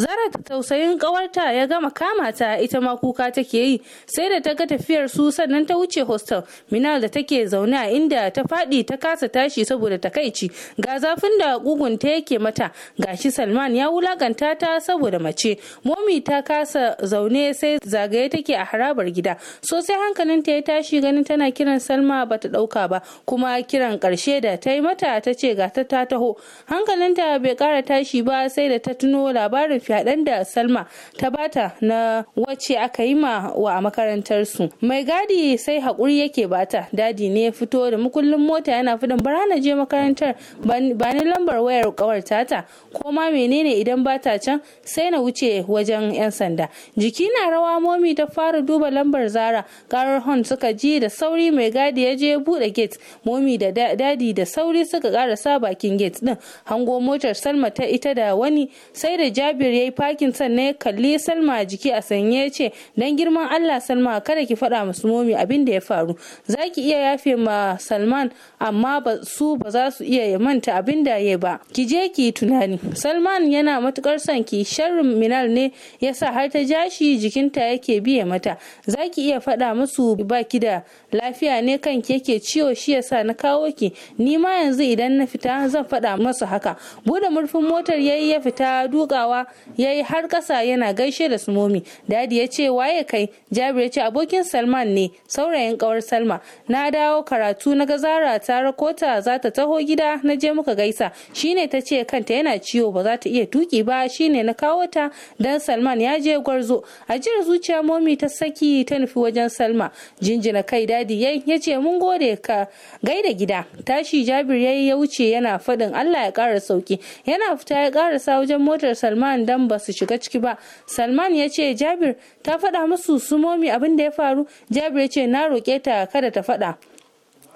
За ƙara tausayin kawarta ya gama kama ta ita ma kuka take yi sai da ta ga tafiyar su sannan ta wuce hostel minal da take zaune a inda ta faɗi ta kasa tashi saboda takaici ga zafin da gugun yake mata gashi salman ya wulakanta ta saboda mace momi ta kasa zaune sai zagaye take a harabar gida sosai ta ya tashi ganin tana kiran salma bata ɗauka ba kuma kiran karshe da ta yi mata ta ce ga ta taho hankalin ta bai kara tashi ba sai da ta tuno labarin fyaɗe misalan da salma ta bata na wacce aka yi ma wa a makarantar su mai gadi sai haƙuri yake bata dadi ne ya fito da mukullin mota yana fidan bara na je makarantar ba ni lambar wayar kawar tata ko ma menene idan bata can sai na wuce wajen yan sanda jiki na rawa momi ta fara duba lambar zara karar hon suka ji da sauri mai gadi ya je buɗe gate momi da dadi da sauri suka karasa bakin gate din hango motar salma ta ita da wani sai da jabir ya yi fakin sannan ya kalli salma jiki a sanye ce dan girman allah salma kada ki faɗa musu momi abin da ya faru za ki iya yafe ma salman amma su ba za su iya ya manta abin da ya ba ki je ki tunani salman yana matukar son ki sharrin minal ne yasa har ta jashi jikinta yake biye mata za ki iya faɗa musu ba ki da lafiya ne kanki yake ciwo shi yasa na kawo ki ni ma yanzu idan na fita zan faɗa musu haka bude murfin motar yayi ya fita dukawa ya ya har ƙasa yana gaishe da su momi dadi ya ce waye kai jabir ya ce abokin salman ne saurayin kawar salma na dawo karatu na gazara ta rakota za ta taho gida na je muka gaisa shine ta ce kanta yana ciwo ba za ta iya tuki ba shine na kawo ta dan salman ya je gwarzo a jin zuciya momi ta saki ta nufi wajen salma jinjina kai dadi yayi ya ce mun gode ka gaida gida tashi jabir yayi ya wuce yana faɗin allah ya ƙara sauki yana fita ya ƙarasa wajen motar salman dan ba su shiga ciki ba salman ya ce jabir ta faɗa musu sumomi abin da ya faru jabir ya ce na roƙe ta kada ta faɗa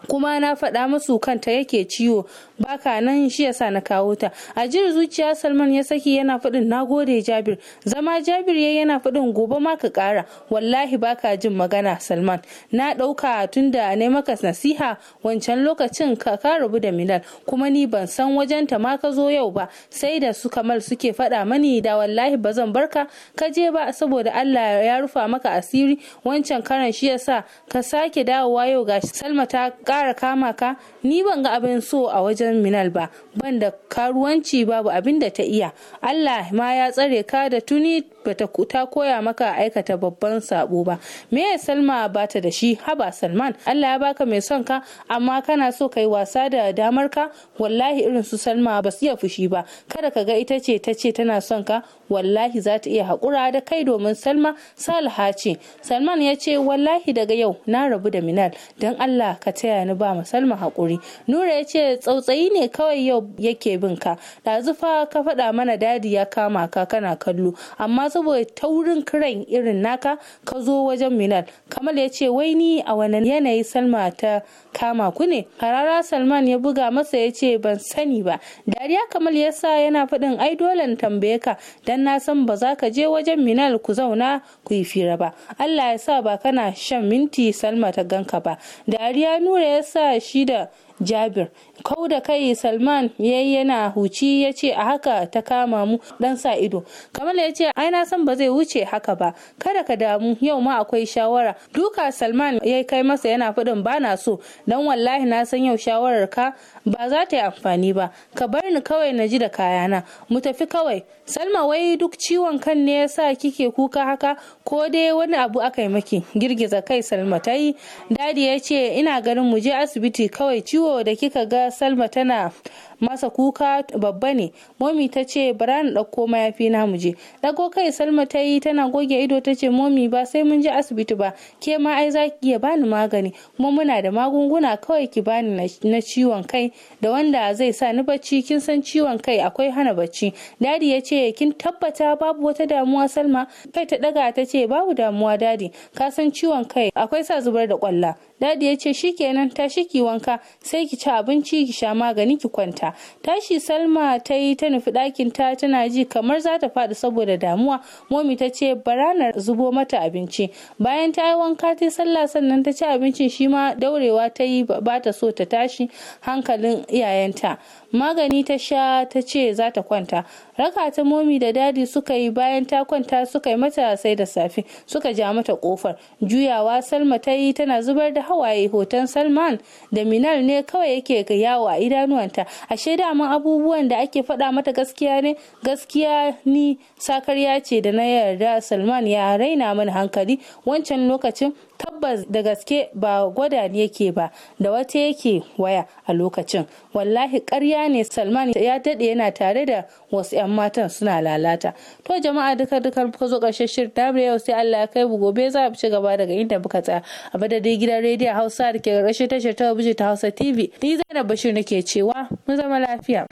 kuma na faɗa masu kanta yake ciwo ba ka nan shi yasa na kawo ta a jin zuciya salman ya saki yana faɗin nagode jabir zama jabir ya yana faɗin gobe ma ka ƙara wallahi ba ka jin magana salman na ɗauka tun da ne maka nasiha wancan lokacin ka ka rabu da milal kuma ni ban san wajenta ma ka zo yau ba sai da su kamar suke faɗa mani da wallahi ba zan barka ka je ba saboda Allah ya rufa maka asiri wancan karan shi ya sa ka sake dawowa yau ga salma ta kara kama ka ni ban ga abin so a wajen minal ba ban da karuwanci babu abin da ta iya allah ma ya tsare ka da tuni bata ta koya maka aikata babban sabo ba me salma bata da shi haba salman allah ya baka mai son ka amma kana so kai wasa da damar ka wallahi irin su salma ba su iya fushi ba kada ka ga ita ce ta ce tana son ka wallahi za ta iya haƙura da kai domin salma salha ce salman ya ce wallahi daga yau na rabu da minal don allah ka taya ni ba ma salma haƙuri nura ya ce tsautsayi ne kawai yau yake bin ka ɗazu fa ka faɗa mana dadi ya kama ka kana kallo amma saboda taurin kiran irin naka ka zo wajen minal kamal ya ce wai ni a wani yanayi salma ta kama ku ne harara salman ya buga masa ya ce ban sani ba dariya kamal ya sa yana faɗin ai dole tambaye ka dan na san ba za ka je wajen minal ku zauna ku yi fira ba allah ya sa ba kana shan minti salma ta ganka ba dariya nura ya sa shi da jabir kau da kai salman ya yana huci ya ce a haka ta kama mu dan sa ido kamal ya ce ai na san ba zai wuce haka ba kada ka damu yau ma akwai shawara duka salman ya kai masa yana fadin, ba na so dan wallahi na san yau shawarar ka ba za ta yi amfani ba ka bar ni kawai na ji da kayana mu tafi kawai Salma wai duk ciwon kan ne ya sa kike kuka haka ko dai wani abu aka yi maki girgiza kai Salma ta yi. Dadi ya ce ina ganin mu je asibiti kawai ciwo da kika ga Salma tana masa kuka babba ne momi ta ce bara na ɗauko mayafi na muje ɗago kai salma ta yi tana goge ido ta ce momi ba sai mun je asibiti ba ke ma ai za ki iya bani magani kuma muna da magunguna kawai ki bani na ciwon kai da wanda zai sa ni bacci kin san ciwon kai akwai hana bacci dadi ya ce kin tabbata babu wata damuwa salma kai ta ɗaga ta ce babu damuwa dadi ka san ciwon kai akwai sa zubar da kwalla dadi ya ce shikenan tashi ki wanka sai ki ci abinci ki sha magani ki kwanta tashi salma ta yi ta nufi ɗakin ta tana ji kamar za ta faɗi saboda damuwa momi ta ce baranar zubo mata abinci bayan ta yi wanka ta sallah sannan ta ci abincin shi ma daurewa ta yi ba ta so ta tashi hankalin iyayenta magani ta sha ta ce za ta kwanta raka ta momi da dadi suka yi bayan ta kwanta suka yi mata sai da safe suka ja mata kofar juyawa salma ta yi tana zubar da hawaye hoton salman da minal ne kawai yake yawo a idanuwanta ashe daman abubuwan da ake faɗa mata gaskiya ne gaskiya ni sakarya ce da na yarda salman ya raina mana hankali wancan lokacin tabbas da gaske ba gwada ne yake ba da wata yake waya a lokacin wallahi karya ne salman ya daɗe yana tare da wasu 'yan matan suna lalata to jama'a duka duka muka zo ƙarshen shirin da yau sai allah ya kai mu gobe za mu ci gaba daga inda muka tsaya a madadin gidan rediyo hausa da ke ƙarƙashin tashar talabijin ta hausa tv ni zainab bashir nake cewa mu zama lafiya.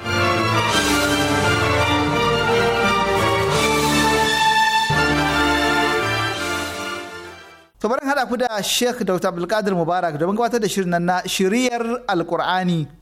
To bari haɗa ku da Sheikh Dr. Abdulkadir Mubarak domin gabatar da shirin na shiriyar Alƙur'ani.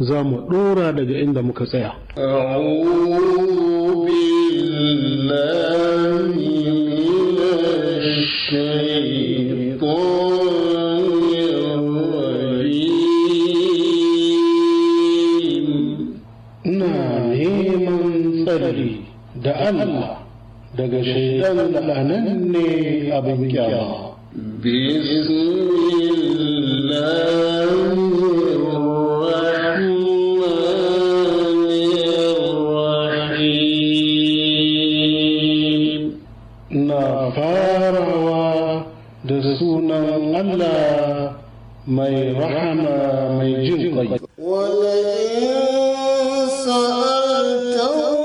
zamu dora daga inda muka tsaya. Ina neman tsari da Allah daga shaidan la'anan ne abin kyama. Bismillah. ولا ما رحم ما يجيب ولئن سألتهم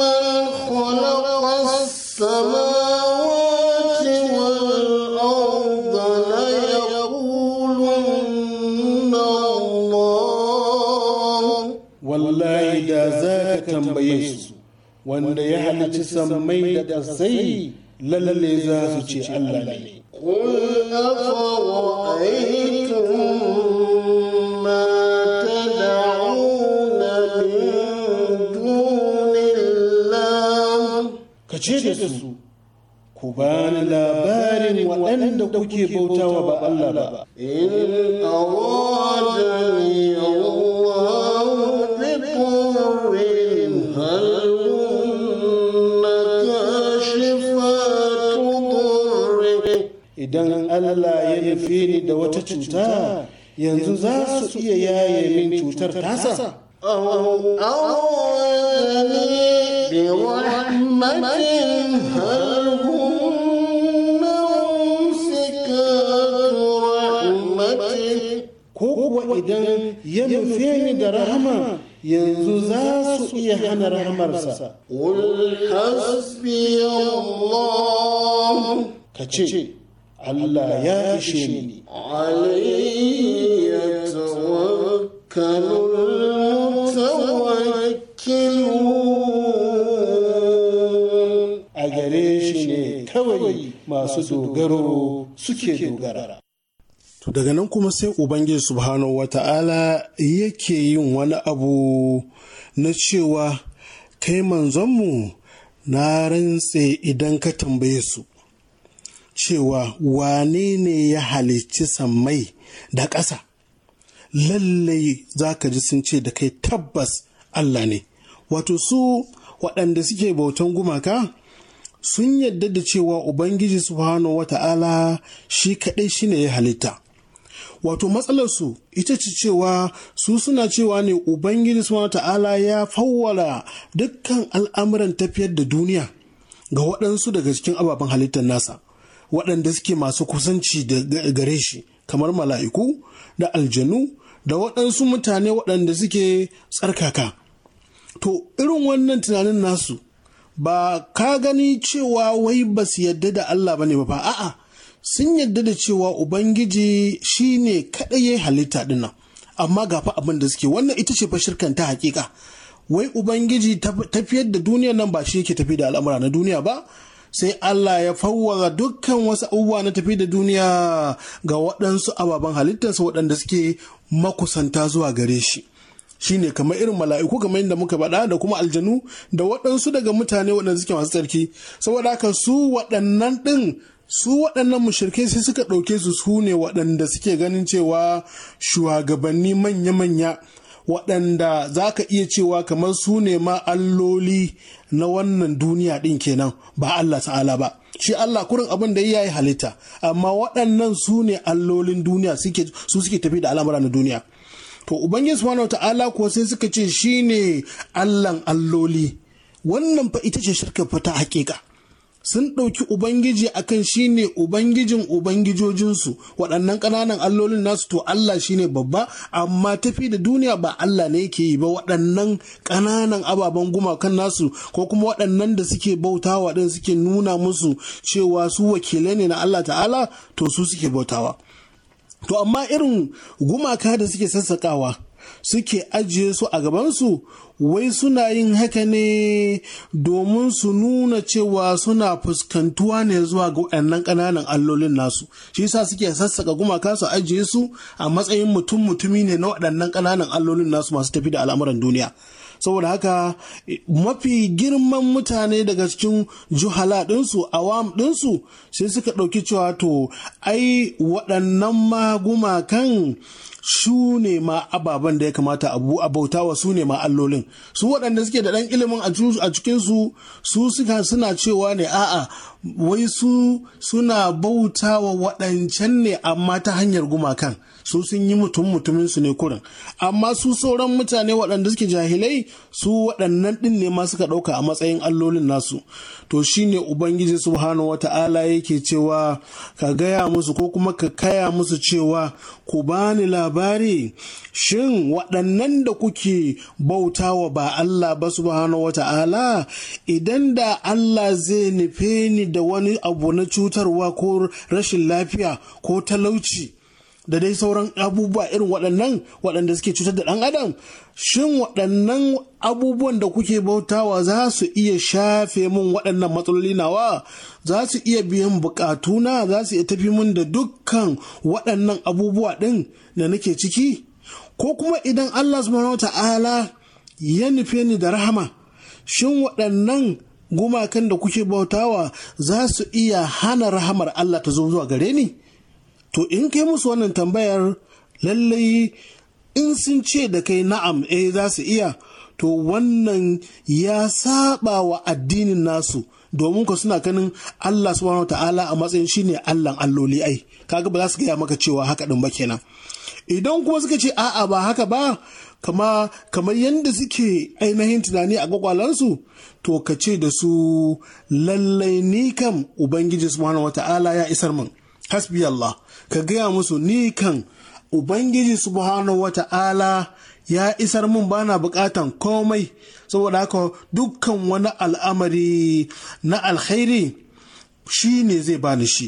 من خلق السماوات والأرض ليقولن الله والله إذا ce da su ku ba ni labarin waɗanda kuke bautawa ba Allah ba. In awadani Allah bi qawlin Idan Allah ya nufe ni da wata cuta yanzu za su iya yaye min cutar tasa ko kuwa idan ya nufe ni da rahama yanzu za su iya hana rahamarsa. Wul hasbi Allah ka ce, Allah ya ishe ni. A gare shi ne kawai masu dogaro suke dogara. To daga nan kuma sai Ubangiji Subhanahu wa ta'ala yake yin wani abu na cewa kai manzonmu na rantse idan ka tambaye su. cewa wane ne ya halicci sammai da ƙasa lallai za ka ji sun ce da kai tabbas Allah ne wato su waɗanda suke bautan gumaka sun yadda da cewa ubangiji subhanahu wata'ala shi kaɗai shine ya halitta wato matsalarsu ita ce cewa su suna cewa ne ubangiji subhanahu wata'ala ya fawwala dukkan al'amuran tafiyar da duniya ga waɗansu daga cikin ababen halittar nasa waɗanda suke masu kusanci da gare shi kamar mala'iku da aljanu da waɗansu mutane waɗanda suke tsarkaka to irin wannan tunanin nasu ba ka gani cewa wai ba su yadda da Allah ba ne ba a'a sun yadda da cewa ubangiji shi ne kaɗai halitta dinnan amma ga fa abin da suke wannan ita ce fa ta hakika wai ubangiji tafiyar da duniya nan ba shi yake tafi da al'amura na duniya ba sai Allah ya fawwara dukkan wasu abubuwa na tafi da duniya ga waɗansu ababen halittarsa waɗanda suke makusanta zuwa gare shi Shi ne kamar irin mala'iku kamar yadda muka faɗa da kuma aljanu da waɗansu daga mutane waɗanda suke masu tsarki saboda haka su waɗannan ɗin su waɗannan mushirkai sai suka ɗauke su su ne waɗanda suke ganin cewa shugabanni manya-manya waɗanda za ka iya cewa kamar su ne ma alloli na wannan duniya ɗin kenan ba Allah ta'ala ba shi Allah kurin abin da ya yi halitta amma waɗannan su ne allolin duniya su suke tafi da al'amura na duniya to ubangiji subhanahu ta'ala kuwa sai suka ce shine allan alloli wannan fa ita ce shirka fata haƙiƙa. sun ɗauki ubangiji a kan shi ne ubangijin ubangijojinsu waɗannan ƙananan allolin nasu to Allah shi ne babba amma tafi da duniya ba Allah ne yake yi ba waɗannan ƙananan ababen gumakan nasu ko kuma waɗannan da suke bautawa ɗin suke nuna musu cewa su wakilai ne na Allah ta'ala to su suke bautawa to amma irin gumaka da suke sassaƙawa suke ajiye su a gabansu wai suna yin haka ne domin su nuna cewa suna fuskantuwa ne zuwa ga waɗannan ƙananan allolin nasu shi yasa suke sassaka gumaka su ajiye su a matsayin mutum mutumi ne na waɗannan ƙananan allolin nasu masu tafi da al'amuran duniya saboda haka mafi girman mutane daga cikin juhala ɗinsu awam ɗinsu sai suka ɗauki cewa to ai waɗannan ma gumakan su ne ma ababen da ya kamata abu wa su ne ma allolin su waɗanda suke da ɗan ilimin a cikinsu su su suna cewa ne a'a wai su suna bauta wa waɗancan ne amma ta hanyar gumakan su sun yi mutum mutumin su ne kurin amma su sauran mutane waɗanda suke jahilai su waɗannan ɗin ne ma suka ɗauka a matsayin allolin nasu to shine ubangiji subhanahu wata'ala yake cewa ka gaya musu ko kuma ka kaya musu cewa ku bani labari shin waɗannan da kuke bautawa ba Allah ba subhanahu wata'ala idan da Allah zai nufe ni da wani abu na cutarwa ko rashin lafiya ko talauci da dai sauran abubuwa irin waɗannan waɗanda suke cutar da ɗan adam shin waɗannan abubuwan da kuke bautawa za su iya shafe min waɗannan matsaloli nawa za su iya biyan buƙatuna za su iya tafi mun da dukkan waɗannan abubuwa ɗin da nake ciki ko kuma idan allah subhanahu ta'ala ya nufe ni da rahama shin waɗannan gumakan da kuke bautawa za su iya hana rahamar Allah ta zo zuwa gare ni to in kai musu wannan tambayar lallai in sun ce da kai na'am eh za su iya to wannan ya saba wa addinin nasu domin ku suna ganin Allah subhanahu ta'ala a matsayin shine Allah alloli ai kaga ba za su gaya maka cewa haka din ba kenan idan kuma suka ce a'a ba haka ba kama kamar yadda suke ainihin tunani a kwakwalansu to ka ce da su lallai ni kam ubangiji subhanahu wata'ala ya isar min hasbi Allah ka gaya musu ni kan ubangiji subhanahu wata'ala ya isar min bana bukatan komai saboda haka dukkan wani al'amari na alkhairi shi ne zai bani shi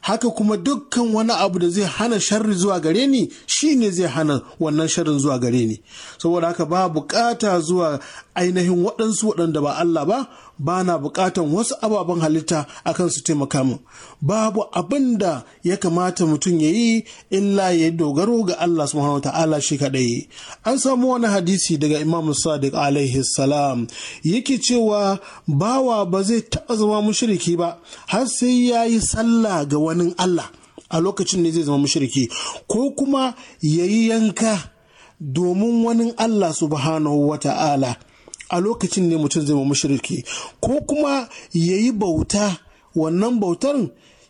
haka kuma dukkan wani abu da zai hana sharri zuwa gare ni shi ne zai hana wannan sharrin zuwa gare ni saboda haka ba bukata zuwa ainihin waɗansu waɗanda ba Allah ba ba na bukatan wasu ababen halitta a kan su taimaka mu babu abin da ya kamata mutum ya yi illa ya dogaro ga Allah subhanahu ta'ala shi kaɗai. an samu wani hadisi daga Imam Sadiq alaihi salam yake cewa bawa ba zai taɓa zama mushriki ba har sai ya yi sallah ga wani Allah a lokacin ne zai zama mushriki ko kuma ya yi yanka domin wani Allah subhanahu a lokacin ne mutum zai mashirki ko kuma ya yi bauta wannan bautar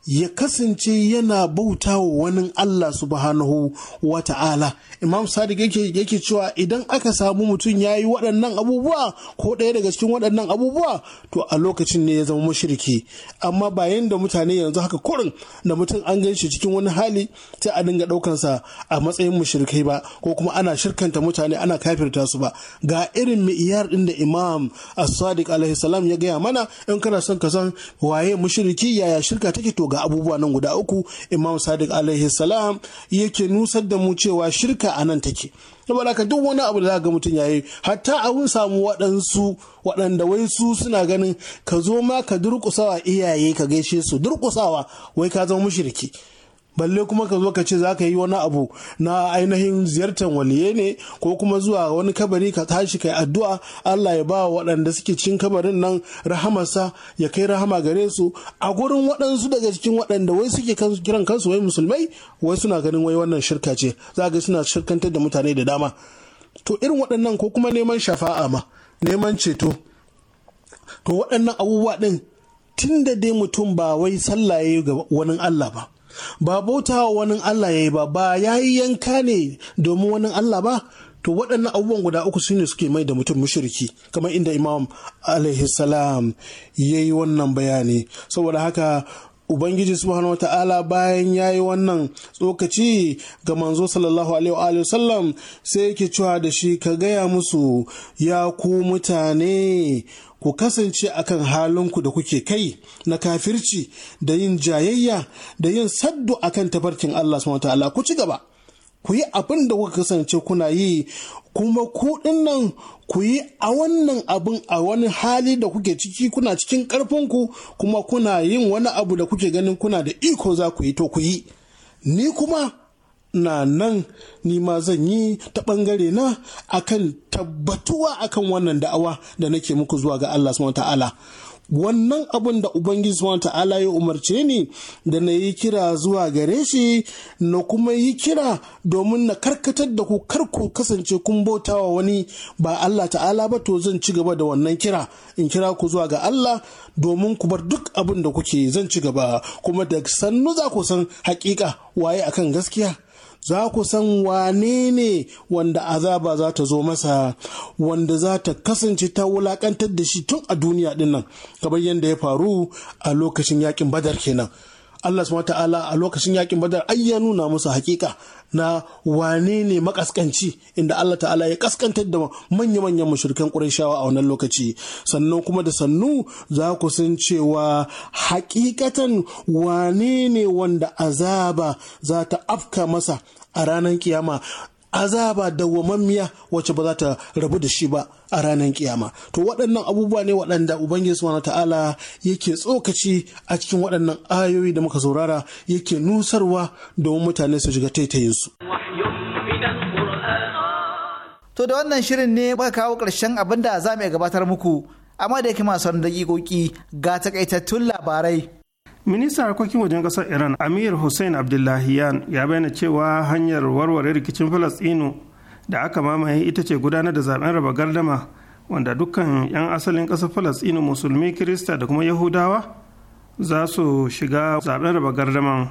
ya kasance yana bauta wa wani Allah subhanahu wa ta'ala imam sadiq yake yake cewa idan aka samu mutum ya yi waɗannan abubuwa ko ɗaya daga cikin waɗannan abubuwa to a lokacin ne ya zama mashirki amma bayan da mutane yanzu haka kurin da mutum an gan shi cikin wani hali sai a dinga ɗaukansa a matsayin mushrikai ba ko kuma ana shirkanta mutane ana kafirta su ba ga irin mi'iyar ɗin da imam sadiq alaihi salam ya gaya mana in kana son ka san waye mashirki yaya shirka take to ga abubuwa nan guda uku imam sadiq alaihi salam yake nusar da mu cewa shirka a nan take saboda duk wani abu da za ga mutum yayi hatta abun samu waɗansu waɗanda wai su suna ganin ka zo ma ka durƙusawa iyaye ka gaishe su durƙusawa wai ka zama mushriki balle kuma ka zo ka ce za ka yi wani abu na ainihin ziyartar waliye ne ko kuma zuwa wani kabari ka tashi ka yi addu'a Allah ya ba wa waɗanda suke cin kabarin nan rahamarsa ya kai rahama gare su a gurin waɗansu daga cikin waɗanda wai suke kiran kansu wai musulmai wai suna ganin wai wannan shirka ce za ga suna shirkantar da mutane da dama to irin waɗannan ko kuma neman shafa'a ma neman ceto to waɗannan abubuwa ɗin tun da dai mutum ba wai sallaye ga wani Allah ba ba bauta wa wani Allah ya yi ba ba ya yi yanka ne domin wani Allah ba to waɗannan abubuwan guda uku su ne suke mai da mutum mushriki kamar inda imam alaihi salam ya yi wannan bayani saboda haka Ubangiji subhanahu wa ta'ala bayan ya yi wannan tsokaci ga manzo sallallahu alaihi wa sallam sai yake cewa da shi ka gaya musu ya ku mutane ku kasance akan halinku da kuke kai na kafirci da yin jayayya da yin saddu akan tafarkin Allah subhanahu ta'ala ku ci gaba ku yi abin da kuka kasance kuna yi kuma ku nan ku yi a wannan abin a wani hali da kuke ciki kuna cikin karfinku kuma kuna yin wani abu da kuke ganin kuna da iko za ku yi to ku yi ni kuma na nan ni ma zan yi ta ɓangare na akan tabbatuwa akan wannan da'awa da nake muku zuwa ga Allah subhanahu ta'ala wannan abun da ubangiji subhanahu ta'ala ya umarce ni da na yi kira zuwa gare shi na kuma yi kira domin na karkatar da ku kar ku kasance kun bautawa wani ba Allah ta'ala ba to zan ci gaba da wannan kira in kira ku zuwa ga Allah domin ku bar duk abin da kuke zan ci gaba kuma da sannu za ku san hakika waye akan gaskiya za ku san wane ne wanda azaba za ta zo masa wanda za ta kasance ta wulakantar da shi tun a duniya dinnan kamar yadda ya faru a lokacin yakin badar kenan Allah subhanahu ta'ala a lokacin yakin badar ai ya nuna musu hakika na wane ne makaskanci inda Allah ta'ala ya kaskantar da manya-manyan mushrikan Qurayshawa a wannan lokaci sannan kuma da sannu za ku san cewa hakikatan wane ne wanda azaba za ta afka masa a ranar kiyama azaba dawwamammiya wacce ba za ta rabu da shi ba a ranar kiyama to waɗannan abubuwa ne waɗanda ubangiji subhanahu ta'ala yake tsokaci a cikin waɗannan ayoyi da muka saurara yake nusarwa domin mutane su shiga taitayinsu to da wannan shirin ne ba kawo ƙarshen abin da za mu gabatar muku amma da yake masu dakikoki ga takaitattun labarai ministan harkokin wajen ƙasar iran amir hussein abdullahiyan ya bayyana cewa hanyar warware rikicin Falasɗinu da aka mamaye ita ce gudanar da zaben raba gardama wanda dukkan 'yan asalin kasar Falasɗinu musulmi kirista da kuma yahudawa za su shiga zaben raba gardaman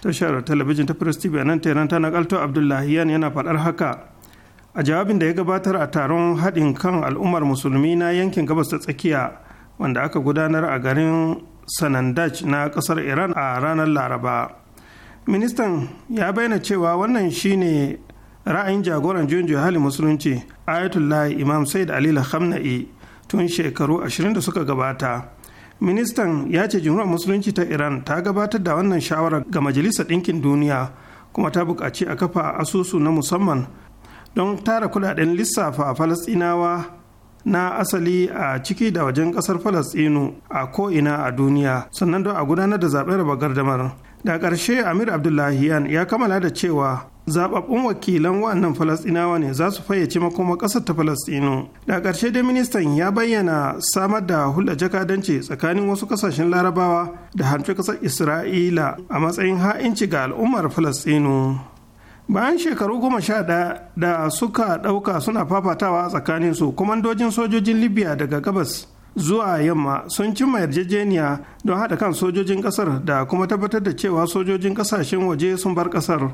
tashar talabijin ta press tv nan teran ta nakalto abdullahiyan yana faɗar haka a jawabin da ya gabatar a taron haɗin kan al'ummar musulmi na yankin gabas ta tsakiya wanda aka gudanar a garin sanandaj na kasar iran a ranar laraba ministan ya bayyana cewa wannan shine ra'ayin jagoran juyin hali musulunci ayatollah imam said ali khamna'i tun shekaru 20 da suka gabata ministan ya ce jumhuriyar musulunci ta iran ta gabatar da wannan shawarar ga majalisar ɗinkin duniya kuma ta buƙaci a kafa asusu na musamman don tara kudaden lissafa falasɗinawa na asali a ciki da wajen kasar falastinu a ko'ina a duniya sannan don a gudanar da zaɓen raba gardamar da ƙarshe amir abdullahiyan ya kammala da cewa zababbun wakilan wannan falastinawa ne za su fayyace makoma ƙasar ta falastinu da ƙarshe dai ministan ya bayyana samar da hulɗa jakadanci tsakanin wasu ƙasashen larabawa da hanfi ƙasar isra'ila a matsayin ha'inci ga al'ummar falastinu bayan shekaru goma sha ɗaya da suka ɗauka suna fafatawa tsakanin su kwamandojin sojojin libya daga gabas zuwa yamma sun cimma yarjejeniya don haɗa kan sojojin ƙasar da kuma tabbatar da cewa sojojin ƙasashen waje sun bar ƙasar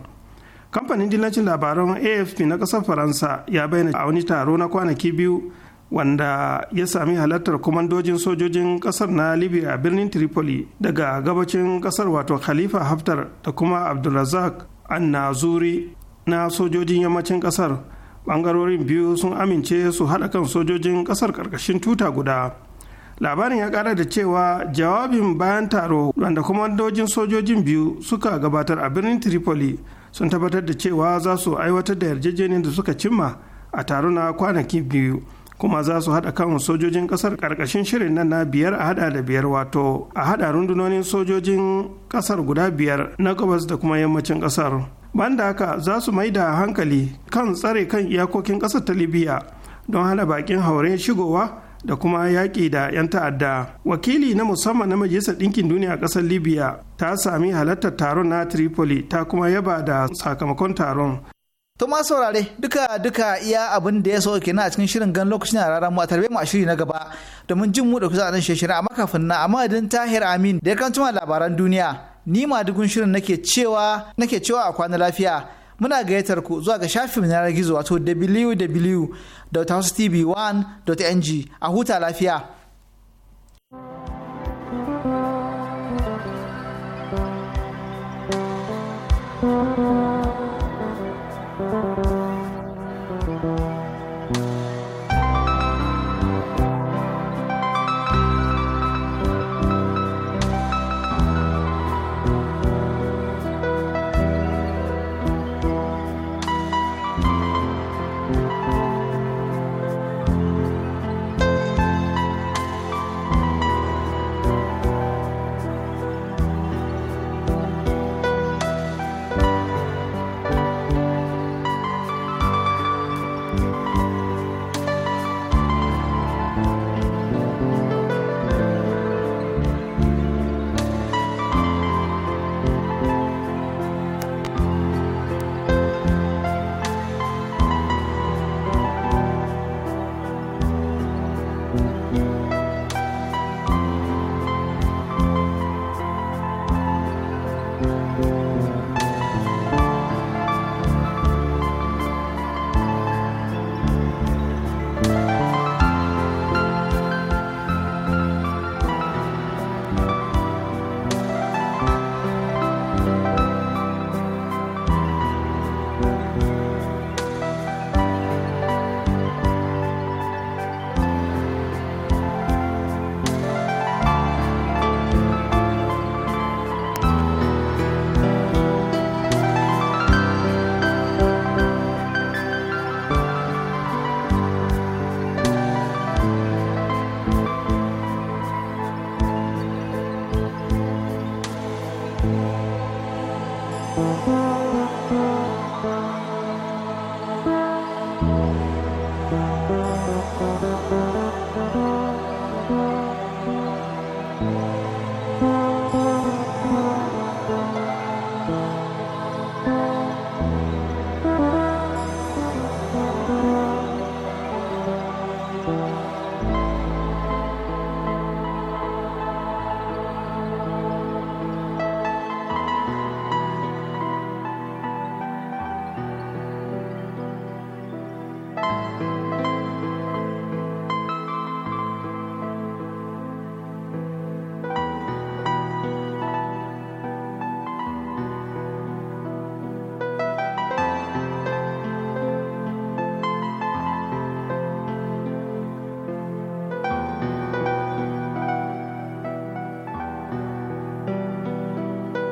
kamfanin dillacin labaran afp na ƙasar faransa ya bayyana a wani taro na kwanaki biyu wanda ya sami halartar kwamandojin sojojin kasar na libya a birnin tripoli daga gabacin kasar wato khalifa haftar da kuma abdulrazak annazuri na sojojin yammacin kasar bangarorin biyu sun amince su haɗa kan sojojin kasar ƙarƙashin tuta guda labarin ya ƙara da cewa jawabin bayan taro wanda kwamandojin sojojin biyu suka gabatar a birnin tripoli sun tabbatar da cewa za su aiwatar da yarjejeniyar da suka cimma a taro na kwanaki biyu kuma za su haɗa kan sojojin ƙasar ƙarƙashin shirin nan na biyar a haɗa da biyar wato a haɗa rundunonin sojojin ƙasar guda biyar na gabas da kuma yammacin ƙasar banda haka za su mai da hankali kan tsare kan iyakokin ƙasar ta libya don hana baƙin hauren shigowa da kuma yaƙi da 'yan ta'adda wakili na musamman na majalisar ɗinkin duniya a ƙasar libya ta sami halartar taron na tripoli ta kuma yaba da sakamakon taron To ma saurare duka duka iya abin da ya so na a cikin shirin gan lokacin a rara mu a tarbe mu a shiri na gaba domin jin mu da kusa nan shirin amma kafin na amma idan Tahir Amin da ya kan tuma labaran duniya ni ma dukun shirin nake cewa nake cewa a kwana lafiya muna gayyatar ku zuwa ga shafin na yanar gizo wato wwwtv 1ng a huta lafiya. thank you